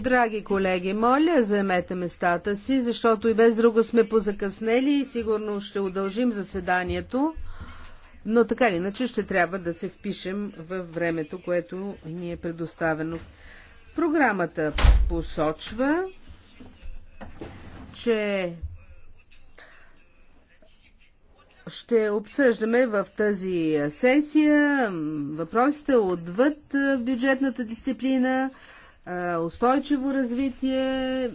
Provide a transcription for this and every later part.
Драги колеги, моля, заемете местата си, защото и без друго сме позакъснели и сигурно ще удължим заседанието, но така ли иначе ще трябва да се впишем в времето, което ни е предоставено. Програмата посочва, че ще обсъждаме в тази сесия въпросите отвъд бюджетната дисциплина, устойчиво развитие,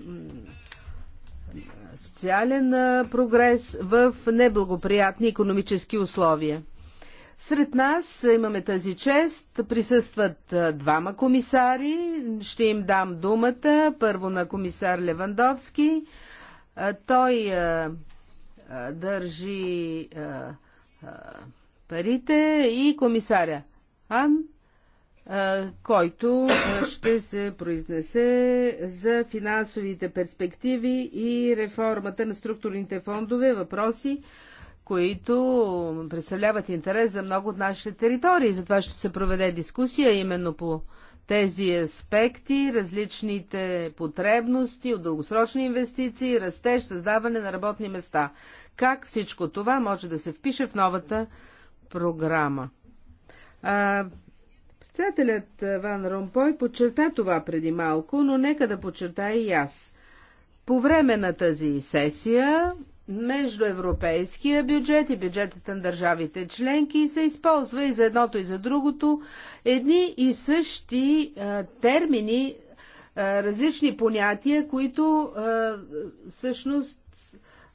социален прогрес в неблагоприятни економически условия. Сред нас имаме тази чест. Присъстват двама комисари. Ще им дам думата. Първо на комисар Левандовски. Той държи парите и комисаря Ан, който ще се произнесе за финансовите перспективи и реформата на структурните фондове, въпроси, които представляват интерес за много от нашите територии. Затова ще се проведе дискусия именно по тези аспекти, различните потребности от дългосрочни инвестиции, растеж, създаване на работни места. Как всичко това може да се впише в новата програма? А, председателят Ван Ромпой подчерта това преди малко, но нека да подчерта и аз. По време на тази сесия между европейския бюджет и бюджетите на държавите членки и се използва и за едното и за другото едни и същи а, термини, а, различни понятия, които а, всъщност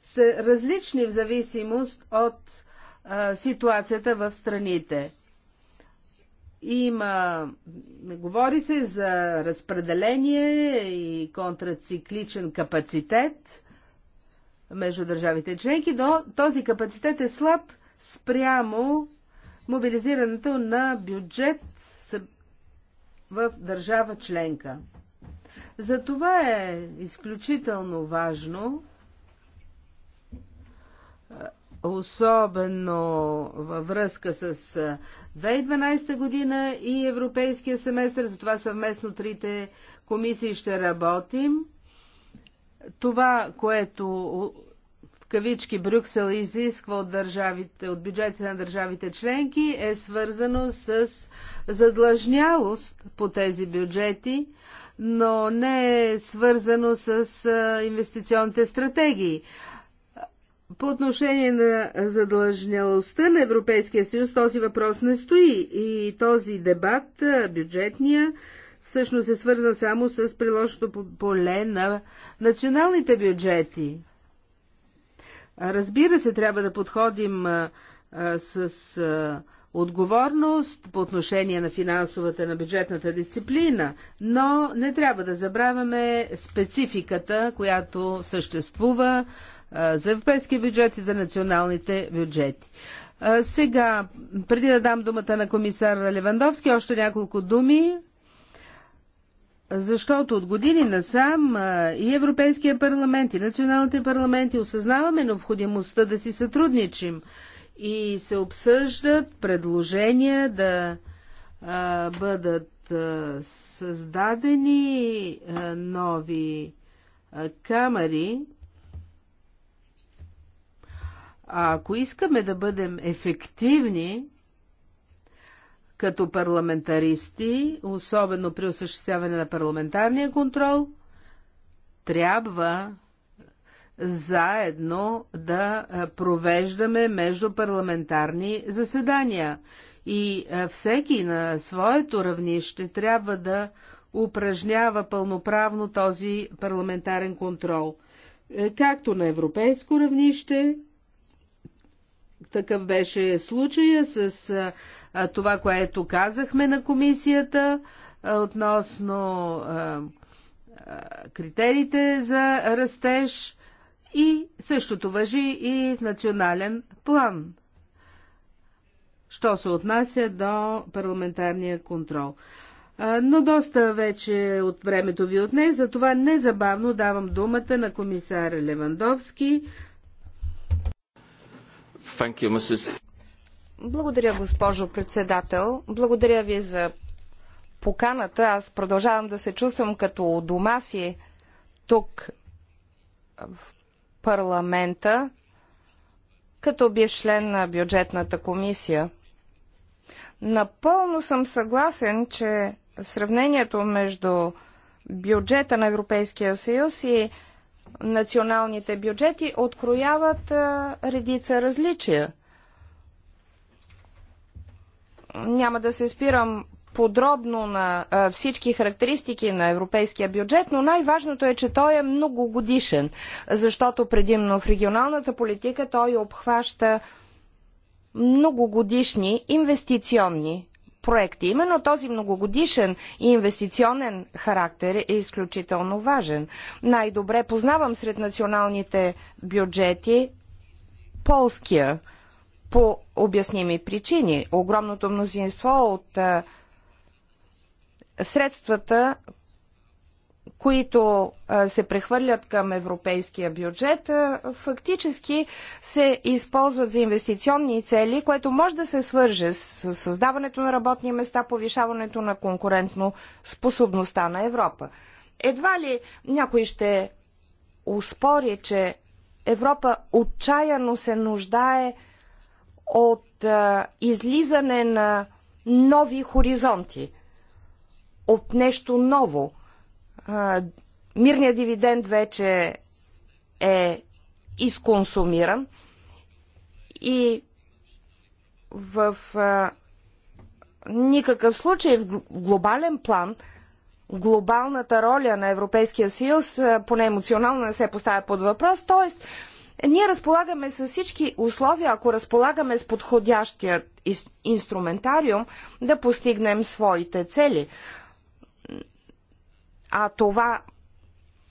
са различни в зависимост от а, ситуацията в страните. Има, говори се за разпределение и контрацикличен капацитет, между държавите членки, но този капацитет е слаб спрямо мобилизирането на бюджет в държава членка. Затова е изключително важно, особено във връзка с 2012 година и Европейския семестър, затова съвместно трите комисии ще работим – това, което в кавички Брюксел изисква от, държавите, от бюджетите на държавите членки, е свързано с задлъжнялост по тези бюджети, но не е свързано с инвестиционните стратегии. По отношение на задлъжнялостта на Европейския съюз този въпрос не стои и този дебат, бюджетния, всъщност е свързан само с приложното поле на националните бюджети. Разбира се, трябва да подходим а, а, с а, отговорност по отношение на финансовата, на бюджетната дисциплина, но не трябва да забравяме спецификата, която съществува а, за европейския бюджет и за националните бюджети. А, сега, преди да дам думата на комисар Левандовски, още няколко думи защото от години насам и Европейския парламент, и националните парламенти осъзнаваме необходимостта да си сътрудничим и се обсъждат предложения да бъдат създадени нови камери. А ако искаме да бъдем ефективни, като парламентаристи, особено при осъществяване на парламентарния контрол, трябва заедно да провеждаме междупарламентарни заседания. И всеки на своето равнище трябва да упражнява пълноправно този парламентарен контрол. Е, както на европейско равнище, такъв беше случая с това, което казахме на комисията относно критериите за растеж и същото въжи и в национален план, що се отнася до парламентарния контрол. Но доста вече от времето ви отне, затова незабавно давам думата на комисар Левандовски. Thank you, Mrs. Благодаря, госпожо председател. Благодаря ви за поканата. Аз продължавам да се чувствам като у дома си тук в парламента, като бив член на бюджетната комисия. Напълно съм съгласен, че сравнението между бюджета на Европейския съюз и националните бюджети открояват а, редица различия. Няма да се спирам подробно на всички характеристики на европейския бюджет, но най-важното е, че той е многогодишен, защото предимно в регионалната политика той обхваща многогодишни инвестиционни проекти. Именно този многогодишен и инвестиционен характер е изключително важен. Най-добре познавам сред националните бюджети полския по обясними причини. Огромното мнозинство от а, средствата, които а, се прехвърлят към европейския бюджет, а, фактически се използват за инвестиционни цели, което може да се свърже с създаването на работни места, повишаването на конкурентно способността на Европа. Едва ли някой ще успори, че Европа отчаяно се нуждае от а, излизане на нови хоризонти, от нещо ново. А, мирният дивиденд вече е изконсумиран и в а, никакъв случай в глобален план глобалната роля на Европейския съюз, поне емоционално не се поставя под въпрос, т.е. Ние разполагаме с всички условия, ако разполагаме с подходящия инструментариум, да постигнем своите цели. А това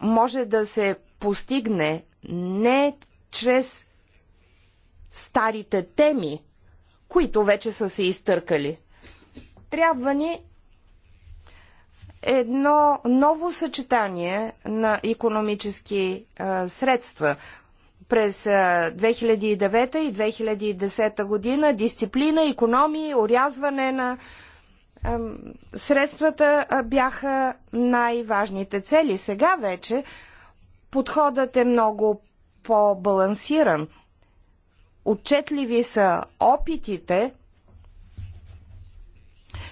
може да се постигне не чрез старите теми, които вече са се изтъркали. Трябва ни едно ново съчетание на економически а, средства, през 2009 и 2010 година дисциплина, економии, орязване на средствата бяха най-важните цели. Сега вече подходът е много по-балансиран. Отчетливи са опитите.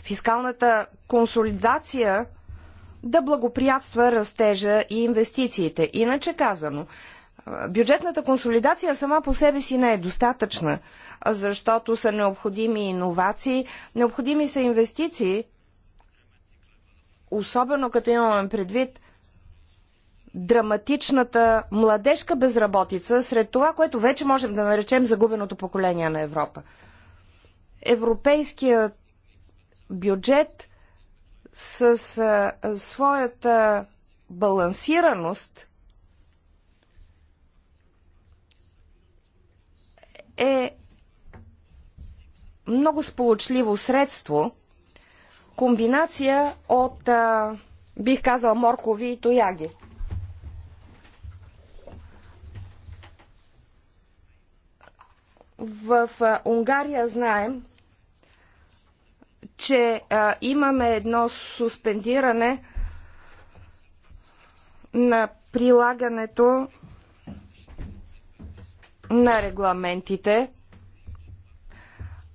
Фискалната консолидация да благоприятства растежа и инвестициите. Иначе казано, Бюджетната консолидация сама по себе си не е достатъчна, защото са необходими иновации, необходими са инвестиции, особено като имаме предвид драматичната младежка безработица сред това, което вече можем да наречем загубеното поколение на Европа. Европейският бюджет с а, своята балансираност – е много сполучливо средство, комбинация от, а, бих казал, моркови и тояги. В а, Унгария знаем, че а, имаме едно суспендиране на прилагането на регламентите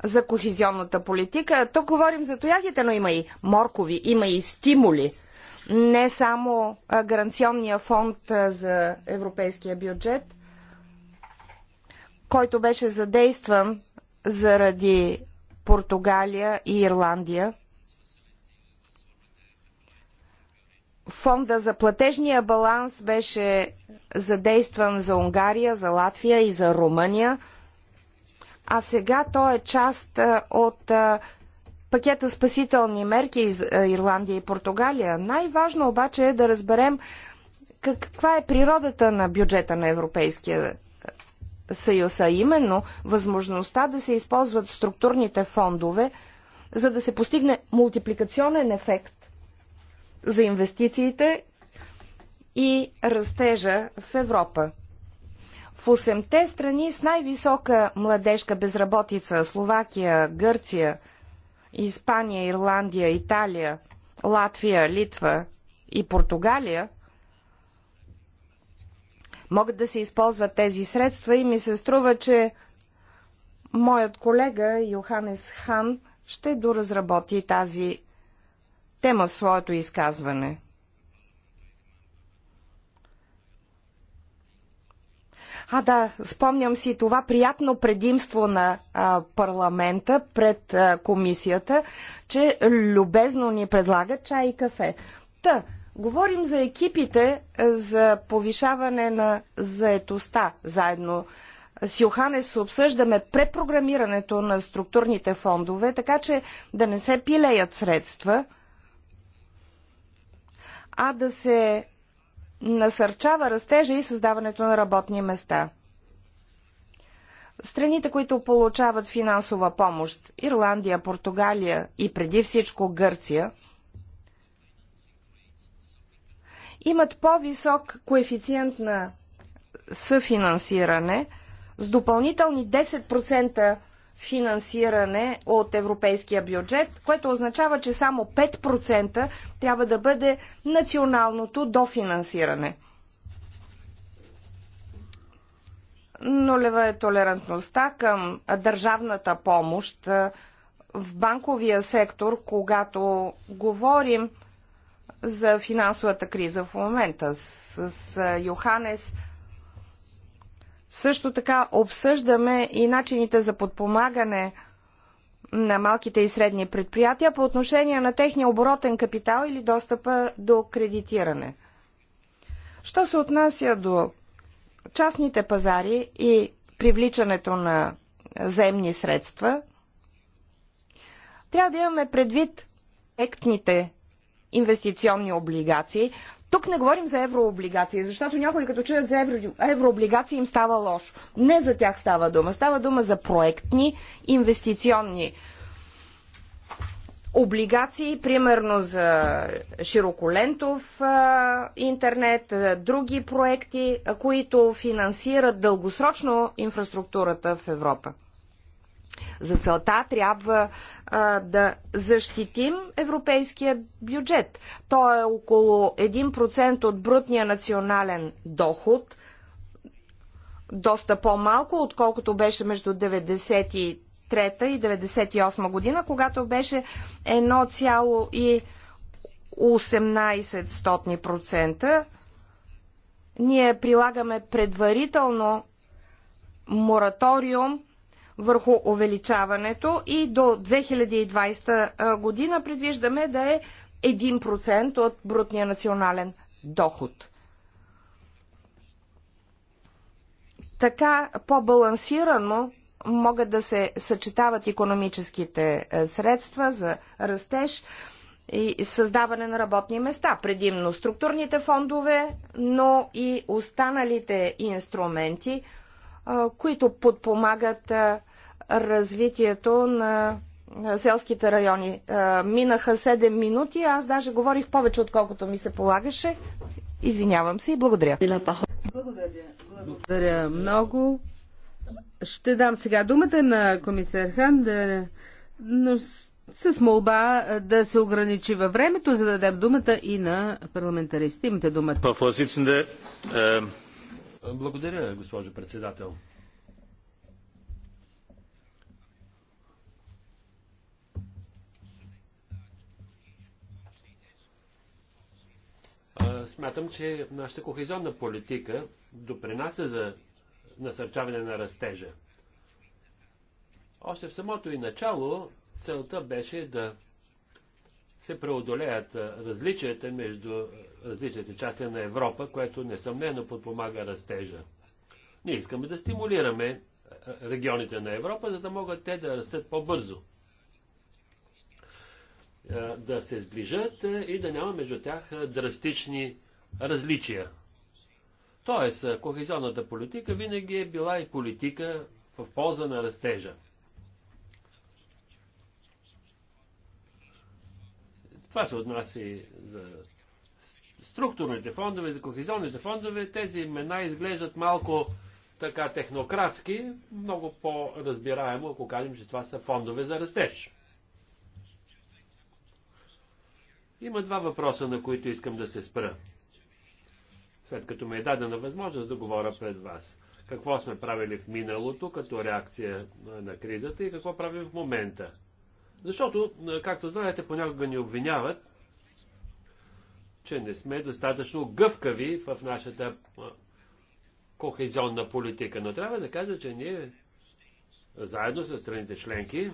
за кохизионната политика. Тук говорим за тоягите, но има и моркови, има и стимули. Не само гаранционния фонд за европейския бюджет, който беше задействан заради Португалия и Ирландия. фонда за платежния баланс беше задействан за Унгария, за Латвия и за Румъния, а сега той е част от пакета спасителни мерки за Ирландия и Португалия. Най-важно обаче е да разберем каква е природата на бюджета на Европейския съюз, а именно възможността да се използват структурните фондове, за да се постигне мултипликационен ефект за инвестициите и растежа в Европа. В 8-те страни с най-висока младежка безработица Словакия, Гърция, Испания, Ирландия, Италия, Латвия, Литва и Португалия могат да се използват тези средства и ми се струва, че моят колега Йоханес Хан ще доразработи тази тема в своето изказване. А да, спомням си това приятно предимство на а, парламента пред а, комисията, че любезно ни предлага чай и кафе. Та, говорим за екипите за повишаване на заетостта. Заедно с Йоханес обсъждаме препрограмирането на структурните фондове, така че да не се пилеят средства – а да се насърчава растежа и създаването на работни места. Страните, които получават финансова помощ Ирландия, Португалия и преди всичко Гърция имат по-висок коефициент на съфинансиране с допълнителни 10% финансиране от европейския бюджет, което означава, че само 5% трябва да бъде националното дофинансиране. Нулева е толерантността към държавната помощ в банковия сектор, когато говорим за финансовата криза в момента. С, с Йоханес също така обсъждаме и начините за подпомагане на малките и средни предприятия по отношение на техния оборотен капитал или достъпа до кредитиране. Що се отнася до частните пазари и привличането на земни средства, трябва да имаме предвид ектните инвестиционни облигации, тук не говорим за еврооблигации, защото някои като чуят за евро, еврооблигации им става лошо. Не за тях става дума. Става дума за проектни инвестиционни облигации, примерно за широколентов а, интернет, а, други проекти, а, които финансират дългосрочно инфраструктурата в Европа. За целта трябва а, да защитим европейския бюджет. То е около 1% от брутния национален доход, доста по-малко, отколкото беше между 93 и 98 година, когато беше 1,18%. Ние прилагаме предварително мораториум върху увеличаването и до 2020 година предвиждаме да е 1% от брутния национален доход. Така по-балансирано могат да се съчетават економическите средства за растеж и създаване на работни места, предимно структурните фондове, но и останалите инструменти – които подпомагат развитието на селските райони. Минаха 7 минути, аз даже говорих повече, отколкото ми се полагаше. Извинявам се и благодаря. Благодаря, много. Ще дам сега думата на комисар Хан, да, но с молба да се ограничи във времето, за да дадем думата и на парламентаристите. Имате думата. Благодаря, госпожо председател. Смятам, че нашата кохезионна политика допринася за насърчаване на растежа. Още в самото и начало целта беше да се преодолеят различията между различните части на Европа, което несъмнено подпомага растежа. Ние искаме да стимулираме регионите на Европа, за да могат те да растат по-бързо. Да се сближат и да няма между тях драстични различия. Тоест, кохезионната политика винаги е била и политика в полза на растежа. Това се отнася и за структурните фондове, за кохезионните фондове. Тези имена изглеждат малко така технократски, много по-разбираемо, ако кажем, че това са фондове за растеж. Има два въпроса, на които искам да се спра. След като ме е дадена възможност да говоря пред вас. Какво сме правили в миналото като реакция на кризата и какво правим в момента. Защото, е, както знаете, понякога ни обвиняват, че не сме достатъчно гъвкави в нашата е, кохезионна политика. Но трябва да кажа, че ние заедно с страните членки е,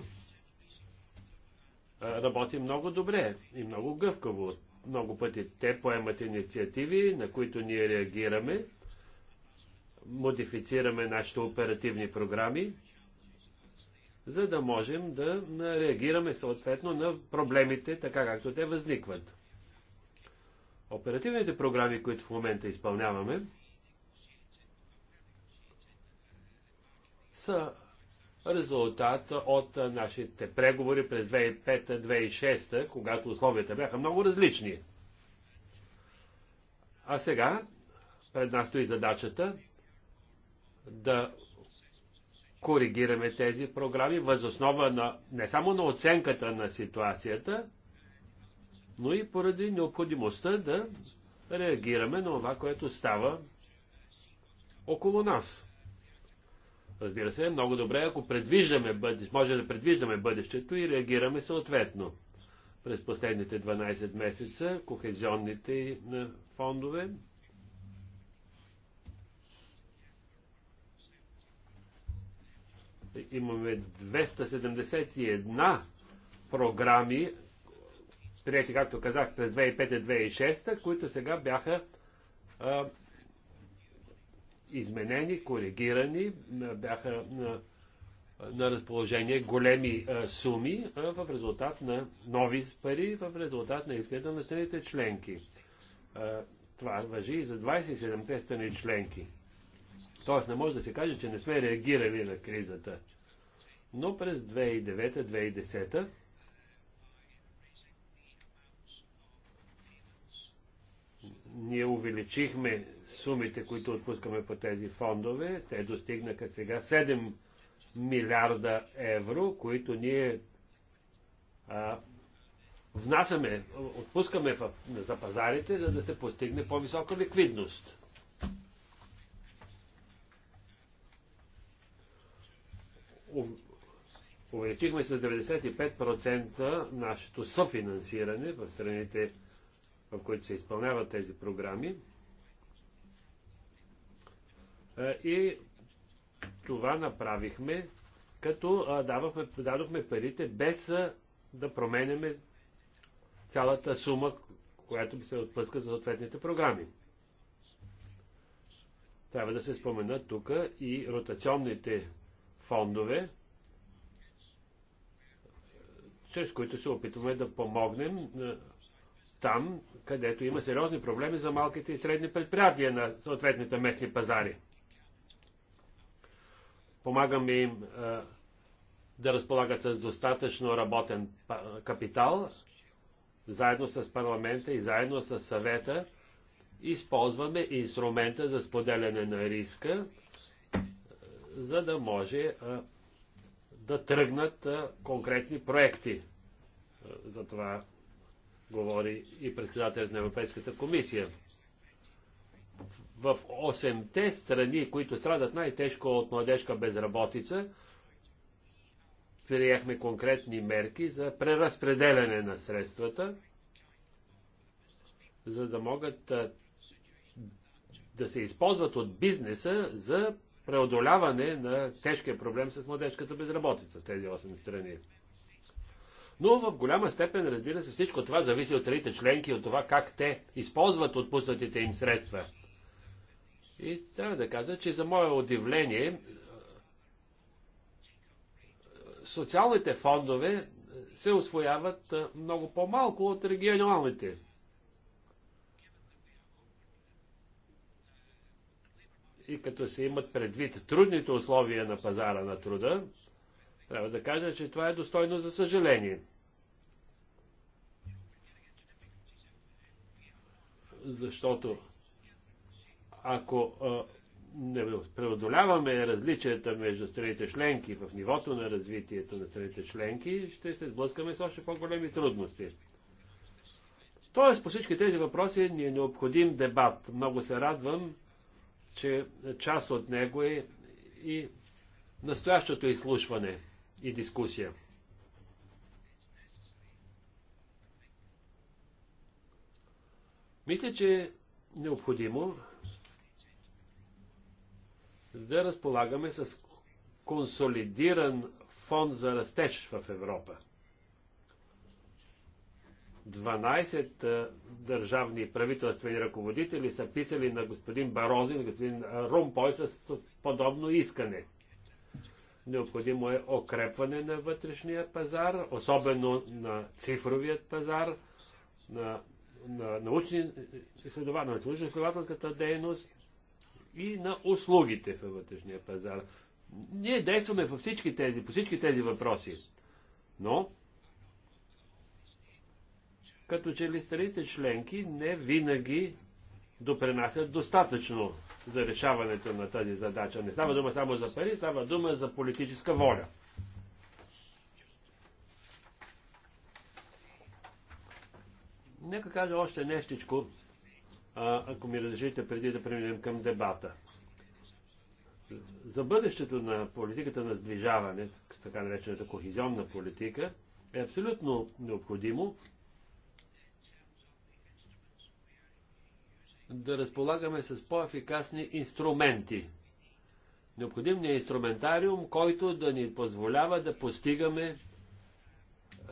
работи много добре и много гъвкаво. Много пъти те поемат инициативи, на които ние реагираме, модифицираме нашите оперативни програми за да можем да реагираме съответно на проблемите, така както те възникват. Оперативните програми, които в момента изпълняваме, са резултат от нашите преговори през 2005-2006, когато условията бяха много различни. А сега пред нас стои задачата да коригираме тези програми възоснова на, не само на оценката на ситуацията, но и поради необходимостта да реагираме на това, което става около нас. Разбира се, много добре, ако предвиждаме бъдещето, може да предвиждаме бъдещето и реагираме съответно. През последните 12 месеца кохезионните фондове Имаме 271 програми, прияти, както казах, през 2005-2006, които сега бяха а, изменени, коригирани, бяха на, на разположение големи а, суми а, в резултат на нови пари, в резултат на искането на страните членки. А, това въжи и за 27-те страни членки. Тоест не може да се каже, че не сме реагирали на кризата. Но през 2009-2010 ние увеличихме сумите, които отпускаме по тези фондове. Те достигнаха сега 7 милиарда евро, които ние а, внасяме, отпускаме в, за пазарите, за да се постигне по-висока ликвидност. увеличихме с 95% нашето съфинансиране в страните, в които се изпълняват тези програми. Е, и това направихме, като давахме, дадохме парите без да променяме цялата сума, която се отпуска за съответните програми. Трябва да се спомена тук и ротационните фондове, чрез които се опитваме да помогнем е, там, където има сериозни проблеми за малките и средни предприятия на съответните местни пазари. Помагаме им е, да разполагат с достатъчно работен капитал, заедно с парламента и заедно с съвета. Използваме инструмента за споделяне на риска, за да може да тръгнат конкретни проекти. за това говори и председателят на Европейската комисия. В 8-те страни, които страдат най-тежко от младежка безработица, приехме конкретни мерки за преразпределяне на средствата, за да могат да се използват от бизнеса за преодоляване на тежкия проблем с младежката безработица в тези 8 страни. Но в голяма степен, разбира се, всичко това зависи от страните членки, от това как те използват отпуснатите им средства. И трябва да кажа, че за мое удивление, социалните фондове се освояват много по-малко от регионалните. И като се имат предвид трудните условия на пазара на труда, трябва да кажа, че това е достойно за съжаление. Защото ако а, не преодоляваме различията между страните членки в нивото на развитието на страните членки, ще се сблъскаме с още по-големи трудности. Тоест по всички тези въпроси ни е необходим дебат. Много се радвам, че част от него е и настоящото изслушване и дискусия. Мисля, че е необходимо да разполагаме с консолидиран фонд за растеж в Европа – 12 държавни правителствени ръководители са писали на господин Барозин, на господин Румпой с подобно искане. Необходимо е окрепване на вътрешния пазар, особено на цифровият пазар, на, на научни изследовател, на научно-изследователската дейност и на услугите във вътрешния пазар. Ние действаме във всички тези, по всички тези въпроси. Но като че ли страните членки не винаги допренасят достатъчно за решаването на тази задача. Не става дума само за пари, става дума за политическа воля. Нека кажа още нещичко, ако ми разрешите, преди да преминем към дебата. За бъдещето на политиката на сближаване, така наречената кохизионна политика, е абсолютно необходимо да разполагаме с по-ефикасни инструменти. Необходим ни е инструментариум, който да ни позволява да постигаме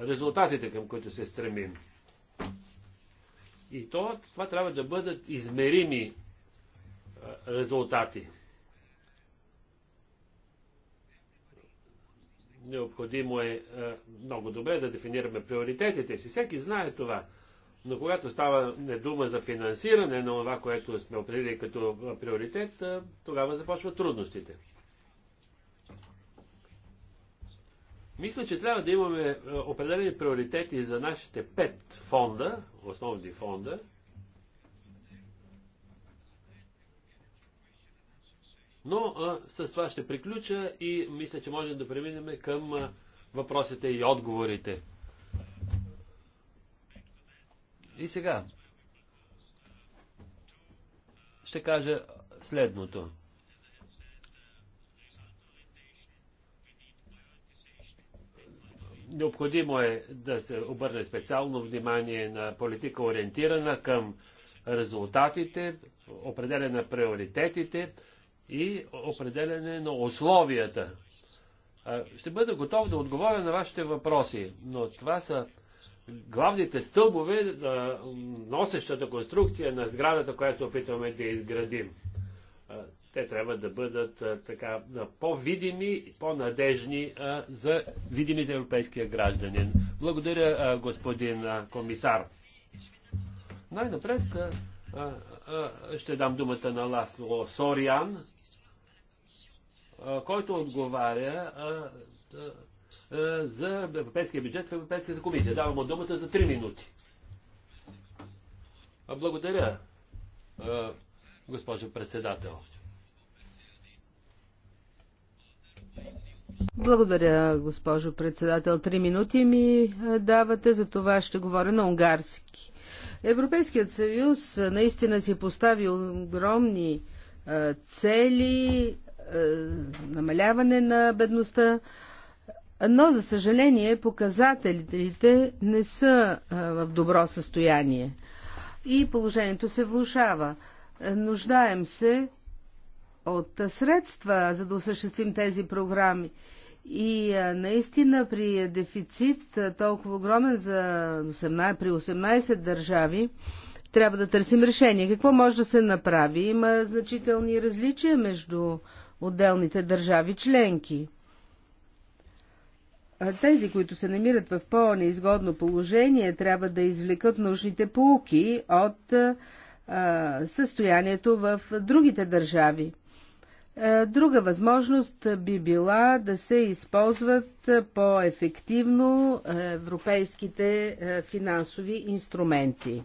резултатите, към които се стремим. И то, това трябва да бъдат измерими резултати. Необходимо е много добре да дефинираме приоритетите си. Всеки знае това. Но когато става не дума за финансиране на това, което сме определили като приоритет, тогава започват трудностите. Мисля, че трябва да имаме определени приоритети за нашите пет фонда, основни фонда. Но а, с това ще приключа и мисля, че можем да преминем към а, въпросите и отговорите. И сега ще кажа следното. Необходимо е да се обърне специално внимание на политика ориентирана към резултатите, определяне на приоритетите и определяне на условията. Ще бъда готов да отговоря на вашите въпроси, но това са главните стълбове, носещата конструкция на сградата, която опитваме да изградим. Те трябва да бъдат така по-видими, по-надежни за видими за европейския гражданин. Благодаря, господин комисар. Най-напред ще дам думата на Ласло Сориан, който отговаря е, за европейския бюджет в Европейската комисия. Давам му думата за 3 минути. Благодаря, е, госпожо председател. Благодаря, госпожо председател. Три минути ми е, давате, за това ще говоря на унгарски. Европейският съюз наистина си постави огромни цели, намаляване на бедността, но за съжаление показателите не са в добро състояние и положението се влушава. Нуждаем се от средства, за да осъществим тези програми. И наистина при дефицит толкова огромен за 18, при 18 държави, трябва да търсим решение. Какво може да се направи? Има значителни различия между отделните държави членки тези, които се намират в по-неизгодно положение, трябва да извлекат нужните полуки от състоянието в другите държави. Друга възможност би била да се използват по-ефективно европейските финансови инструменти.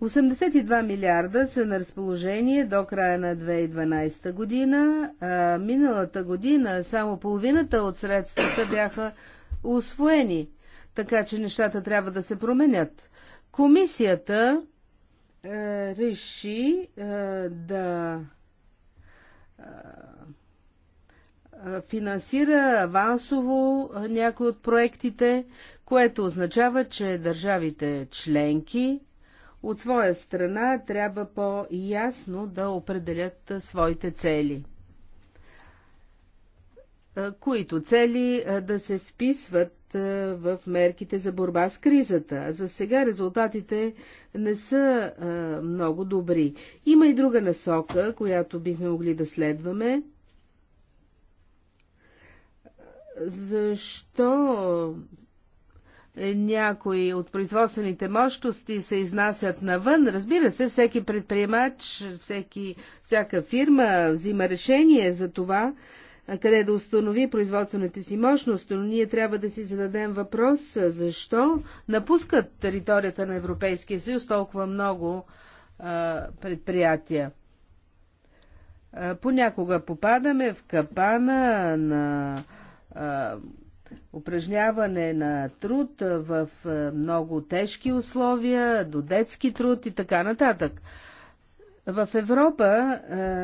82 милиарда са на разположение до края на 2012 година. А, миналата година само половината от средствата бяха освоени, така че нещата трябва да се променят. Комисията е, реши е, да е, финансира авансово някои от проектите, което означава, че държавите членки от своя страна трябва по-ясно да определят своите цели, които цели да се вписват в мерките за борба с кризата. За сега резултатите не са много добри. Има и друга насока, която бихме могли да следваме. Защо е, някои от производствените мощности се изнасят навън. Разбира се, всеки предприемач, всеки, всяка фирма взима решение за това, къде да установи производствената си мощност, но ние трябва да си зададем въпрос защо напускат територията на Европейския съюз толкова много а, предприятия. А, понякога попадаме в капана на а, упражняване на труд в много тежки условия, до детски труд и така нататък. В Европа,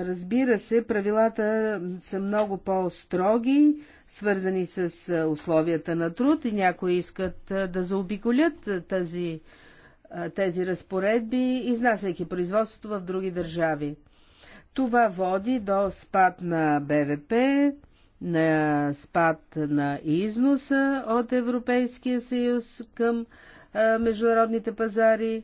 разбира се, правилата са много по-строги, свързани с условията на труд и някои искат да заобиколят тази, тези разпоредби, изнасяйки производството в други държави. Това води до спад на БВП, на спад на износа от Европейския съюз към а, международните пазари.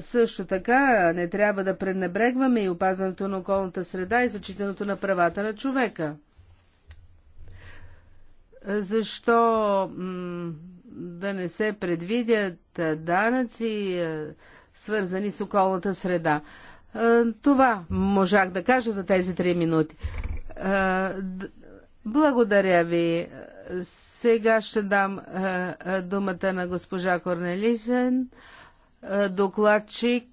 Също така не трябва да пренебрегваме и опазването на околната среда и зачитането на правата на човека. Защо да не се предвидят данъци, свързани с околната среда? Това можах да кажа за тези три минути. Благодаря ви. Сега ще дам думата на госпожа Корнелисен, докладчик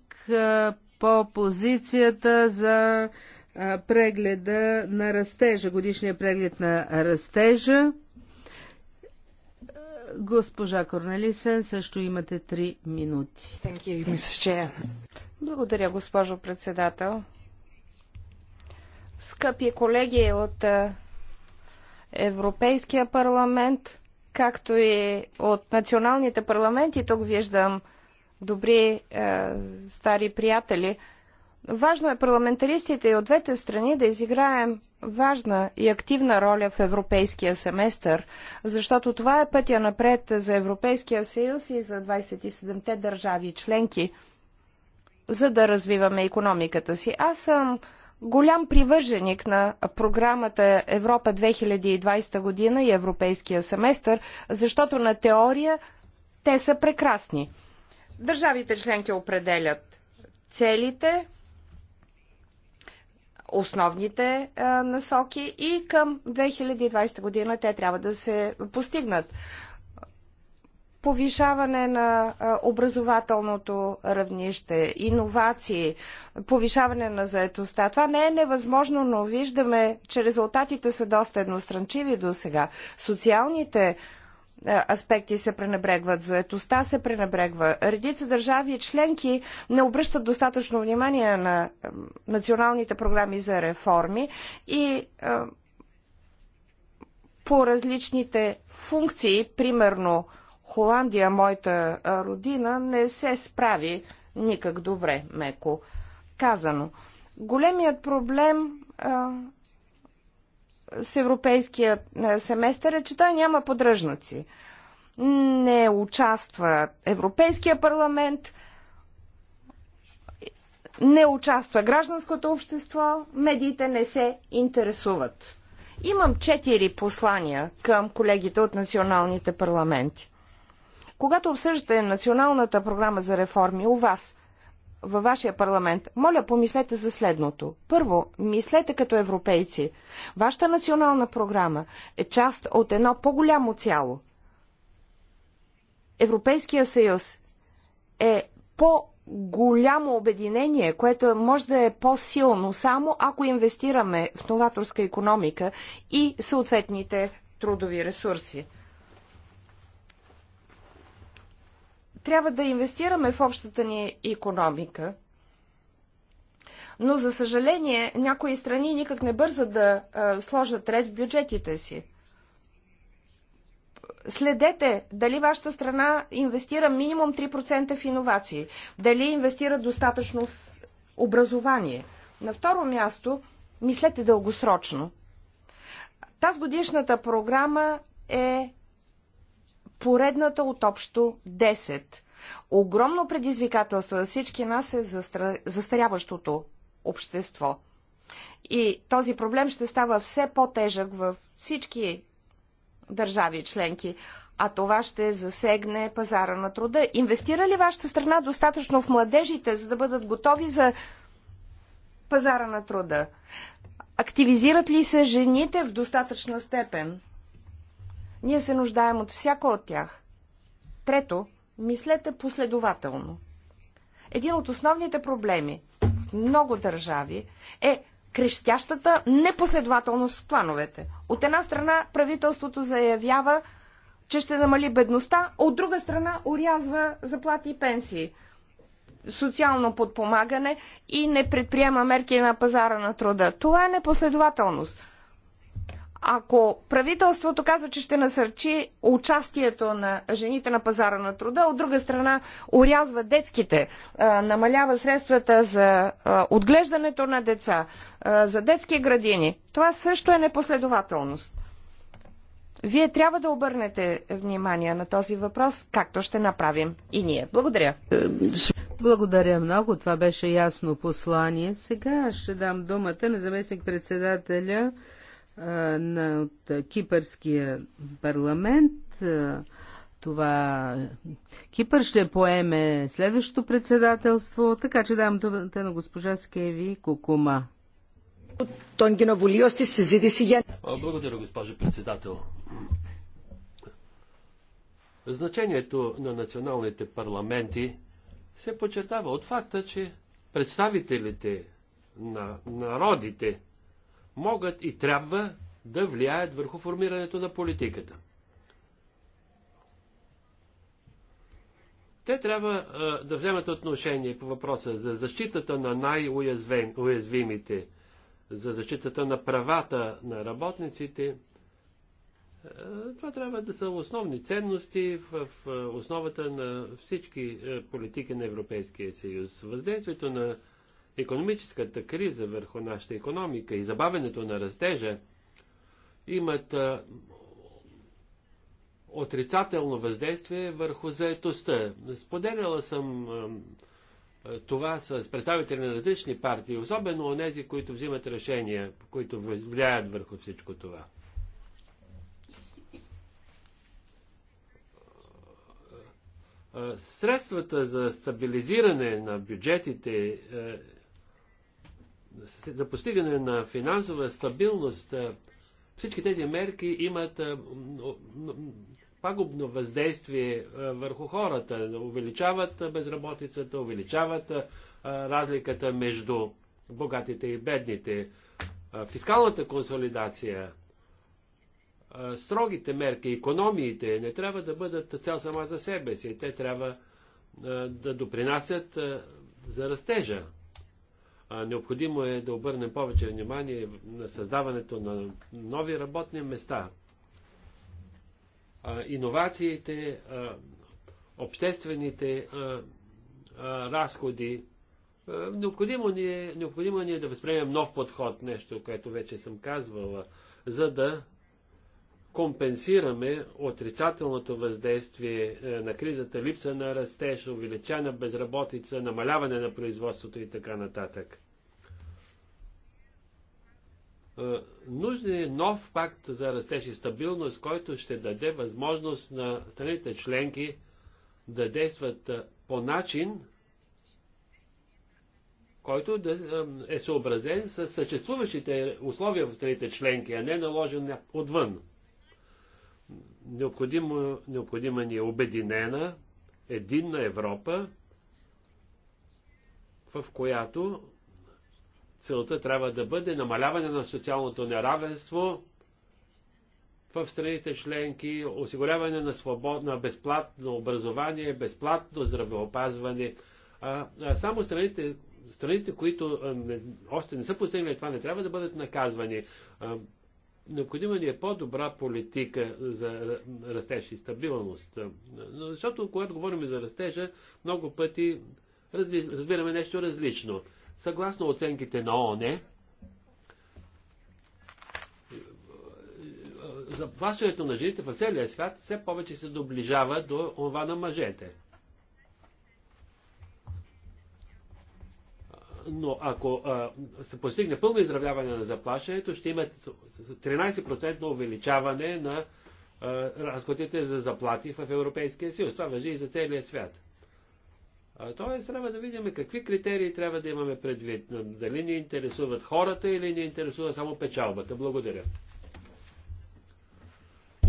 по позицията за прегледа на растежа, годишния преглед на растежа. Госпожа Корнелисен, също имате 3 минути. Благодаря, госпожо председател. Скъпи колеги от е, Европейския парламент, както и от националните парламенти, тук виждам добри е, стари приятели. Важно е парламентаристите и от двете страни да изиграем важна и активна роля в европейския семестър, защото това е пътя напред за Европейския съюз и за 27-те държави членки, за да развиваме економиката си. Аз съм голям привърженик на програмата Европа 2020 година и Европейския семестър, защото на теория те са прекрасни. Държавите членки определят целите, основните а, насоки и към 2020 година те трябва да се постигнат повишаване на образователното равнище, иновации, повишаване на заетостта. Това не е невъзможно, но виждаме, че резултатите са доста едностранчиви до сега. Социалните аспекти се пренебрегват, заетостта се пренебрегва. Редица държави и членки не обръщат достатъчно внимание на националните програми за реформи и по различните функции, примерно Холандия, моята родина, не се справи никак добре, меко казано. Големият проблем а, с европейския семестър е, че той няма подръжнаци. Не участва Европейския парламент, не участва гражданското общество, медиите не се интересуват. Имам четири послания към колегите от националните парламенти. Когато обсъждате националната програма за реформи у вас, във вашия парламент, моля помислете за следното. Първо, мислете като европейци. Вашата национална програма е част от едно по-голямо цяло. Европейския съюз е по-голямо обединение, което може да е по-силно само ако инвестираме в новаторска економика и съответните трудови ресурси. трябва да инвестираме в общата ни економика. Но, за съжаление, някои страни никак не бързат да а, сложат ред в бюджетите си. Следете дали вашата страна инвестира минимум 3% в иновации, дали инвестира достатъчно в образование. На второ място, мислете дългосрочно. Таз годишната програма е поредната от общо 10. Огромно предизвикателство за всички нас е застаряващото общество. И този проблем ще става все по-тежък във всички държави членки, а това ще засегне пазара на труда. Инвестира ли вашата страна достатъчно в младежите, за да бъдат готови за пазара на труда? Активизират ли се жените в достатъчна степен? Ние се нуждаем от всяко от тях. Трето, мислете последователно. Един от основните проблеми в много държави е крещящата непоследователност в плановете. От една страна правителството заявява, че ще намали бедността, от друга страна урязва заплати и пенсии, социално подпомагане и не предприема мерки на пазара на труда. Това е непоследователност. Ако правителството казва, че ще насърчи участието на жените на пазара на труда, от друга страна урязва детските, намалява средствата за отглеждането на деца, за детски градини, това също е непоследователност. Вие трябва да обърнете внимание на този въпрос, както ще направим и ние. Благодаря. Благодаря много. Това беше ясно послание. Сега ще дам думата на заместник председателя на, от Кипърския парламент. Това Кипър ще поеме следващото председателство, така че давам думата на госпожа Скеви Кукума. Благодаря, госпожо председател. Значението на националните парламенти се подчертава от факта, че представителите на народите могат и трябва да влияят върху формирането на политиката. Те трябва а, да вземат отношение по въпроса за защитата на най-уязвимите, за защитата на правата на работниците. А, това трябва да са основни ценности в, в основата на всички политики на Европейския съюз. Въздействието на економическата криза върху нашата економика и забавенето на растежа имат а, отрицателно въздействие върху заетостта. Споделяла съм а, това с представители на различни партии, особено онези, които взимат решения, които влияят върху всичко това. средствата за стабилизиране на бюджетите за постигане на финансова стабилност, е, всички тези мерки имат е, пагубно въздействие е, върху хората. Увеличават безработицата, увеличават разликата между богатите и бедните. Фискалната консолидация, строгите мерки, економиите не трябва да бъдат цял сама за себе си. Те трябва да допринасят за растежа. Необходимо е да обърнем повече внимание на създаването на нови работни места. Иновациите, обществените разходи. Необходимо ни, е, необходимо ни е да възприемем нов подход, нещо, което вече съм казвала, за да компенсираме отрицателното въздействие е, на кризата, липса на растеж, увеличена безработица, намаляване на производството и така нататък. Е, нужен е нов пакт за растеж и стабилност, който ще даде възможност на страните членки да действат е, по начин, който да е, е съобразен с съществуващите условия в страните членки, а не наложен отвън. Необходимо, необходима ни е обединена, единна Европа, в която целта трябва да бъде намаляване на социалното неравенство в страните членки, осигуряване на свободно, безплатно образование, безплатно здравеопазване. А, а само страните, страните които а, не, още не са постигнали това, не трябва да бъдат наказвани. А, необходима ни е по-добра политика за растеж и стабилност. Защото, когато говорим за растежа, много пъти разбираме нещо различно. Съгласно оценките на ООН, е, е, заплащането на жените в целия свят все повече се доближава до това на мъжете. Но ако а, се постигне пълно изравняване на заплащането, ще има 13% увеличаване на разходите за заплати в Европейския съюз. Това въжи и за целия свят. Тоест трябва да видим какви критерии трябва да имаме предвид. Дали ни интересуват хората или ни интересува само печалбата. Благодаря.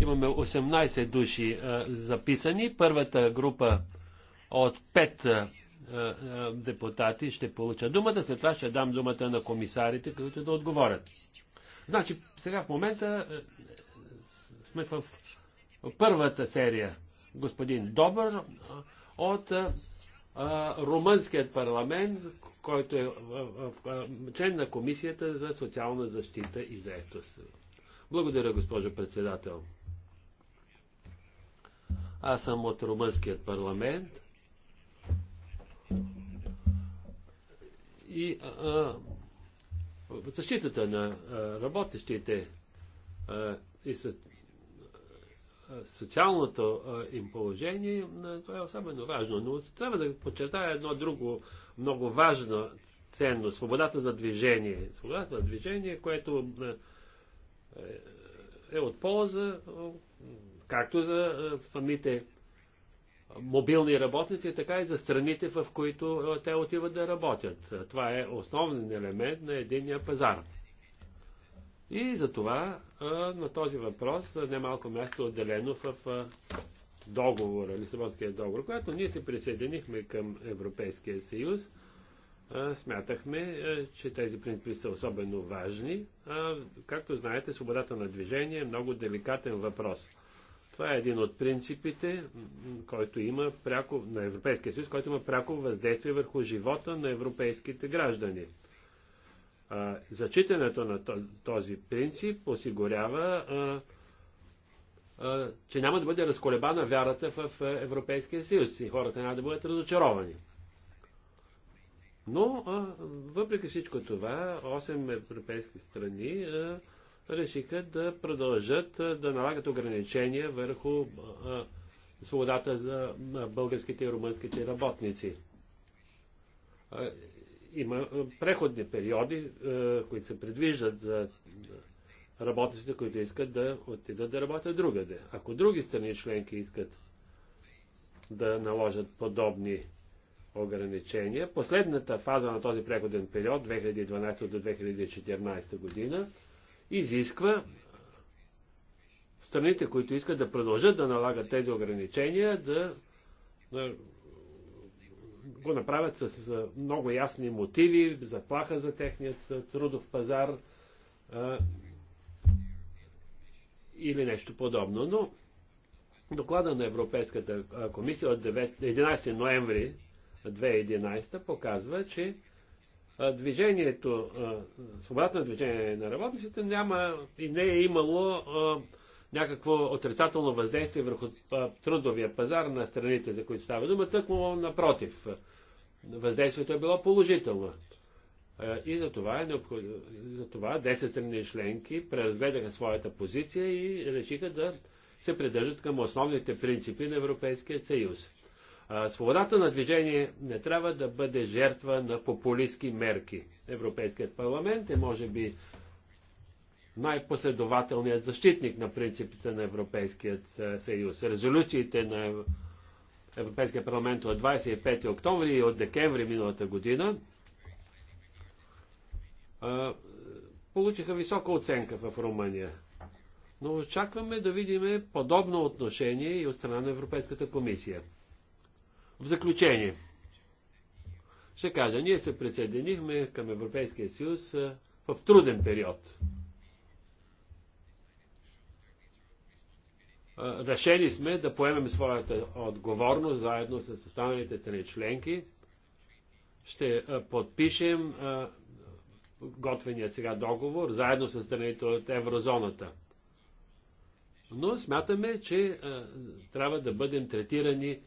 Имаме 18 души записани. Първата група от 5 депутати ще получа думата. След това ще дам думата на комисарите, които да отговорят. Значи, сега в момента сме в първата серия. Господин Добър от румънският парламент, който е член на Комисията за социална защита и заетост. Благодаря, госпожо председател. Аз съм от румънският парламент. И а, защитата на а, работещите а, и социалното им положение, това е особено важно. Но трябва да подчертая едно друго много важно ценно. Свободата за движение. Свободата за движение, което е, е от полза както за самите мобилни работници, така и за страните, в които те отиват да работят. Това е основен елемент на единия пазар. И за това на този въпрос немалко място е отделено в договора, Лисабонския договор. Когато ние се присъединихме към Европейския съюз, смятахме, че тези принципи са особено важни. Както знаете, свободата на движение е много деликатен въпрос. Това е един от принципите, който има пряко, на Европейския съюз, който има пряко въздействие върху живота на европейските граждани зачитането на този принцип осигурява, че няма да бъде разколебана вярата в Европейския съюз и хората няма да бъдат разочаровани. Но, въпреки всичко това, 8 европейски страни решиха да продължат да налагат ограничения върху свободата за българските и румънските работници има е, преходни периоди, е, които се предвиждат за работещите, които искат да отидат да работят другаде. Ако други страни членки искат да наложат подобни ограничения, последната фаза на този преходен период, 2012 до 2014 година, изисква страните, които искат да продължат да налагат тези ограничения, да го направят с много ясни мотиви, заплаха за техният трудов пазар а, или нещо подобно. Но доклада на Европейската комисия от 9, 11 ноември 2011 показва, че движението, свободата на движение на работниците няма и не е имало а, някакво отрицателно въздействие върху трудовия пазар на страните, за които става дума, тъкмо напротив. Въздействието е било положително. И за това, е необход... за това 10 страни членки преразгледаха своята позиция и решиха да се придържат към основните принципи на Европейския съюз. Свободата на движение не трябва да бъде жертва на популистски мерки. Европейският парламент е, може би, най-последователният защитник на принципите на Европейският съюз. Резолюциите на Европейския парламент от 25 октомври и от декември миналата година получиха висока оценка в Румъния. Но очакваме да видим подобно отношение и от страна на Европейската комисия. В заключение, ще кажа, ние се присъединихме към Европейския съюз в труден период. решени сме да поемем своята отговорност заедно с останалите страни членки. Ще подпишем готвения сега договор заедно с страните от еврозоната. Но смятаме, че трябва да бъдем третирани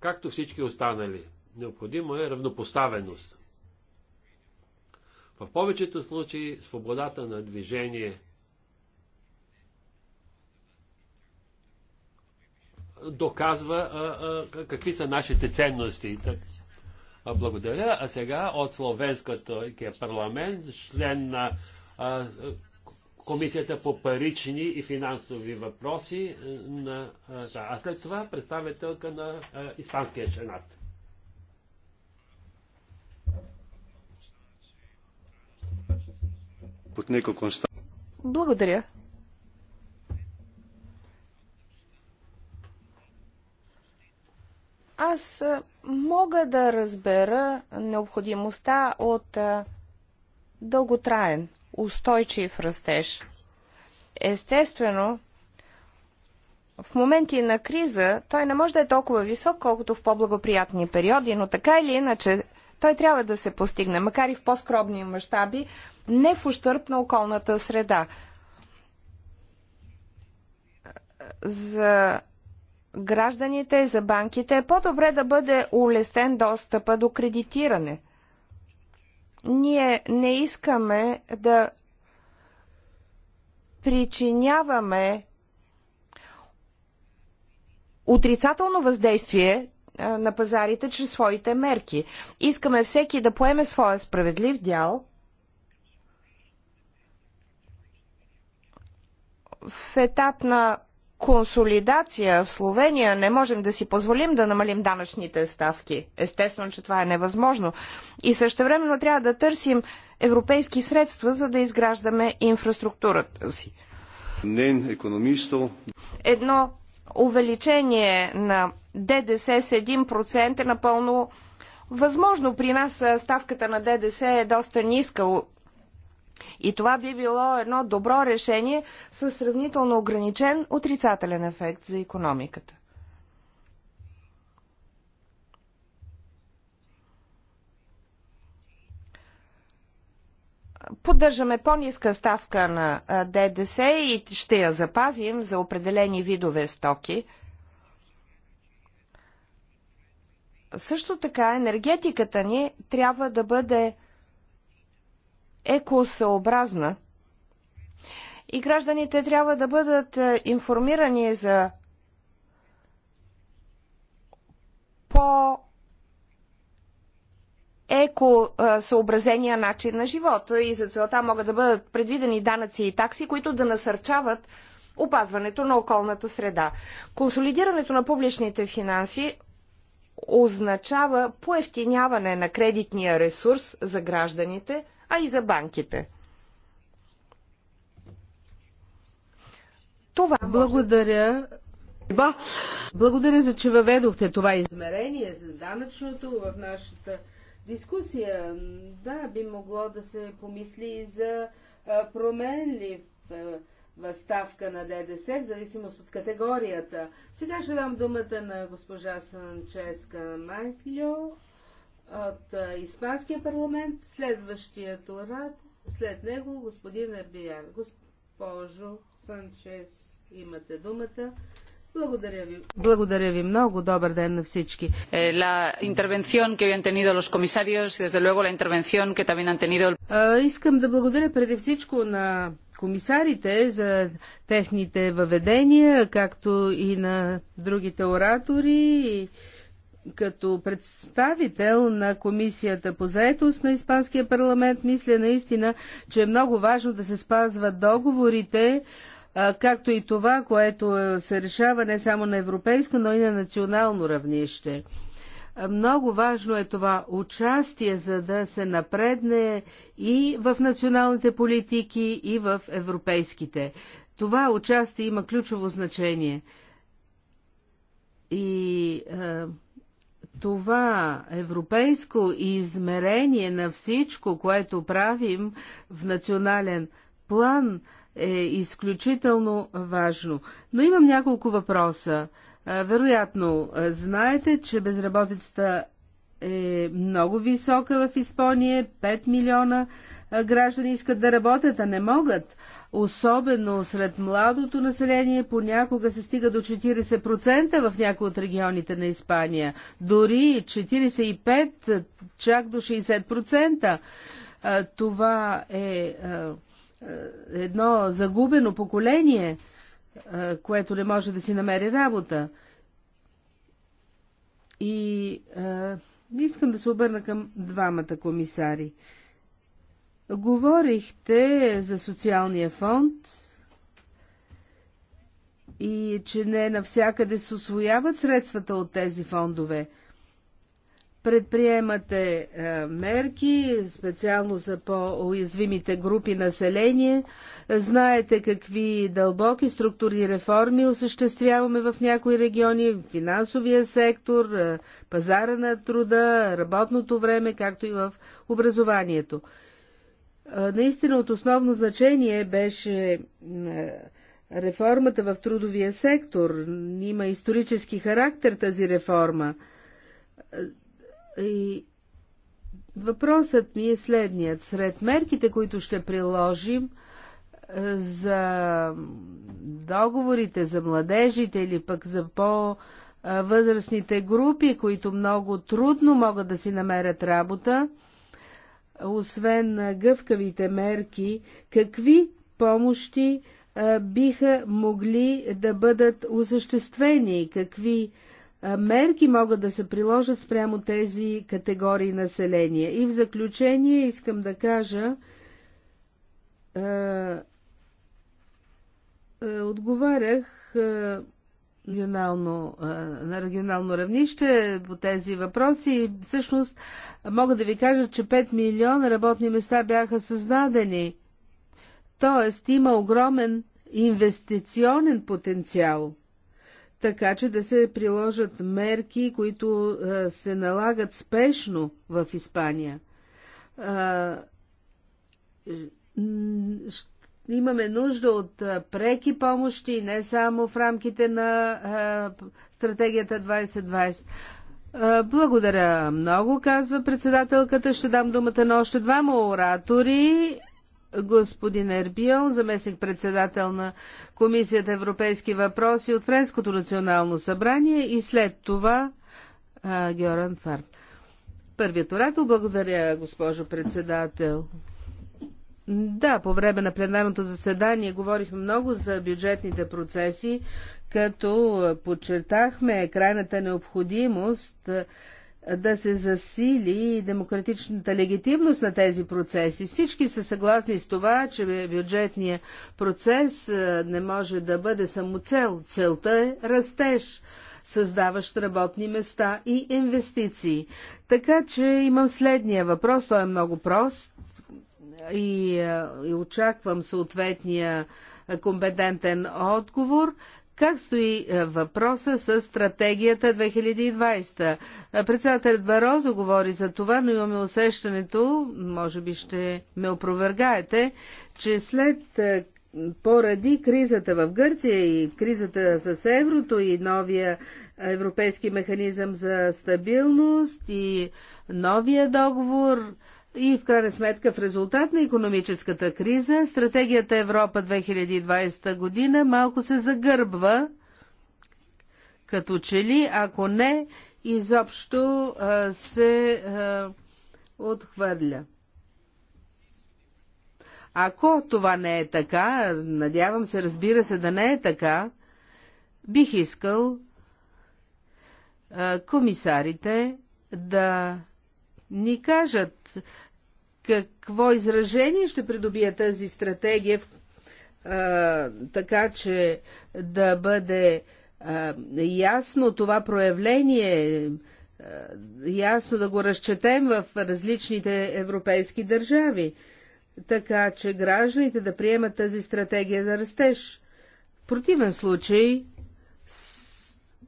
както всички останали. Необходимо е равнопоставеност. В повечето случаи свободата на движение – доказва а, а, какви са нашите ценности. Так, а, благодаря. А сега от Словенското парламент, член на а, Комисията по парични и финансови въпроси, на, а, а след това представителка на а, Испанския сенат. Благодаря. Аз мога да разбера необходимостта от дълготраен, устойчив растеж. Естествено, в моменти на криза той не може да е толкова висок, колкото в по-благоприятни периоди, но така или иначе той трябва да се постигне, макар и в по-скромни мащаби, не в ущърп на околната среда. За гражданите и за банките е по-добре да бъде улестен достъпа до кредитиране. Ние не искаме да причиняваме отрицателно въздействие на пазарите чрез своите мерки. Искаме всеки да поеме своя справедлив дял в етап на консолидация в Словения не можем да си позволим да намалим данъчните ставки. Естествено, че това е невъзможно. И също времено трябва да търсим европейски средства, за да изграждаме инфраструктурата си. Едно увеличение на ДДС с 1% е напълно възможно. При нас ставката на ДДС е доста ниска, и това би било едно добро решение с сравнително ограничен отрицателен ефект за економиката. Поддържаме по-ниска ставка на ДДС и ще я запазим за определени видове стоки. Също така енергетиката ни трябва да бъде екосъобразна и гражданите трябва да бъдат е, информирани за по екосъобразения начин на живота и за целта могат да бъдат предвидени данъци и такси, които да насърчават опазването на околната среда. Консолидирането на публичните финанси означава поевтиняване на кредитния ресурс за гражданите – а и за банките. Това Благодаря. Благодаря за, че въведохте това измерение за данъчното в нашата дискусия. Да, би могло да се помисли и за променлив ставка на ДДС, в зависимост от категорията. Сега ще дам думата на госпожа Санческа Майклио от а, Испанския парламент, следващият урад, след него господин Арбиян. Госпожо Санчес, имате думата. Благодаря ви. Благодаря ви много. Добър ден на всички. La е, intervención que hoy han tenido los comisarios y desde luego la intervención que también han tenido... Искам да благодаря преди всичко на комисарите за техните въведения, както и на другите оратори. И като представител на Комисията по заетост на Испанския парламент, мисля наистина, че е много важно да се спазват договорите, както и това, което се решава не само на европейско, но и на национално равнище. Много важно е това участие, за да се напредне и в националните политики, и в европейските. Това участие има ключово значение. И това европейско измерение на всичко, което правим в национален план, е изключително важно. Но имам няколко въпроса. Вероятно, знаете, че безработицата е много висока в Испания. 5 милиона граждани искат да работят, а не могат особено сред младото население, понякога се стига до 40% в някои от регионите на Испания, дори 45, е, чак до 60%. Е, това е, е едно загубено поколение, което не може да си намери работа. И искам да се обърна към двамата комисари. Говорихте за социалния фонд и че не навсякъде се освояват средствата от тези фондове. Предприемате е, мерки специално за по-уязвимите групи население. Знаете какви дълбоки структурни реформи осъществяваме в някои региони, финансовия сектор, е, пазара на труда, работното време, както и в образованието. Наистина от основно значение беше реформата в трудовия сектор. Има исторически характер тази реформа. И въпросът ми е следният. Сред мерките, които ще приложим за договорите за младежите или пък за по-възрастните групи, които много трудно могат да си намерят работа, освен гъвкавите мерки, какви помощи биха могли да бъдат осъществени, какви мерки могат да се приложат спрямо тези категории население. И в заключение искам да кажа, отговарях регионално, на регионално равнище по тези въпроси. Всъщност мога да ви кажа, че 5 милиона работни места бяха създадени. Тоест има огромен инвестиционен потенциал, така че да се приложат мерки, които се налагат спешно в Испания имаме нужда от преки помощи, не само в рамките на стратегията 2020. Благодаря много, казва председателката. Ще дам думата на още двама оратори. Господин Ербион, заместник председател на Комисията Европейски въпроси от Френското национално събрание и след това Георан Фарб. Първият оратор, благодаря, госпожо председател. Да, по време на пленарното заседание говорихме много за бюджетните процеси, като подчертахме крайната необходимост да се засили демократичната легитимност на тези процеси. Всички са съгласни с това, че бюджетният процес не може да бъде самоцел. Целта е растеж, създаващ работни места и инвестиции. Така че имам следния въпрос, той е много прост и, е, и очаквам съответния компетентен отговор. Как стои е, въпроса с стратегията 2020? Е, председателят Барозо говори за това, но имаме усещането, може би ще ме опровергаете, че след поради кризата в Гърция и кризата с еврото и новия европейски механизъм за стабилност и новия договор, и в крайна сметка в резултат на економическата криза, стратегията Европа 2020 година малко се загърбва, като че ли, ако не, изобщо се отхвърля. Ако това не е така, надявам се, разбира се, да не е така, бих искал комисарите да ни кажат какво изражение ще придобие тази стратегия, а, така че да бъде а, ясно това проявление, а, ясно да го разчетем в различните европейски държави, така че гражданите да приемат тази стратегия за растеж. В противен случай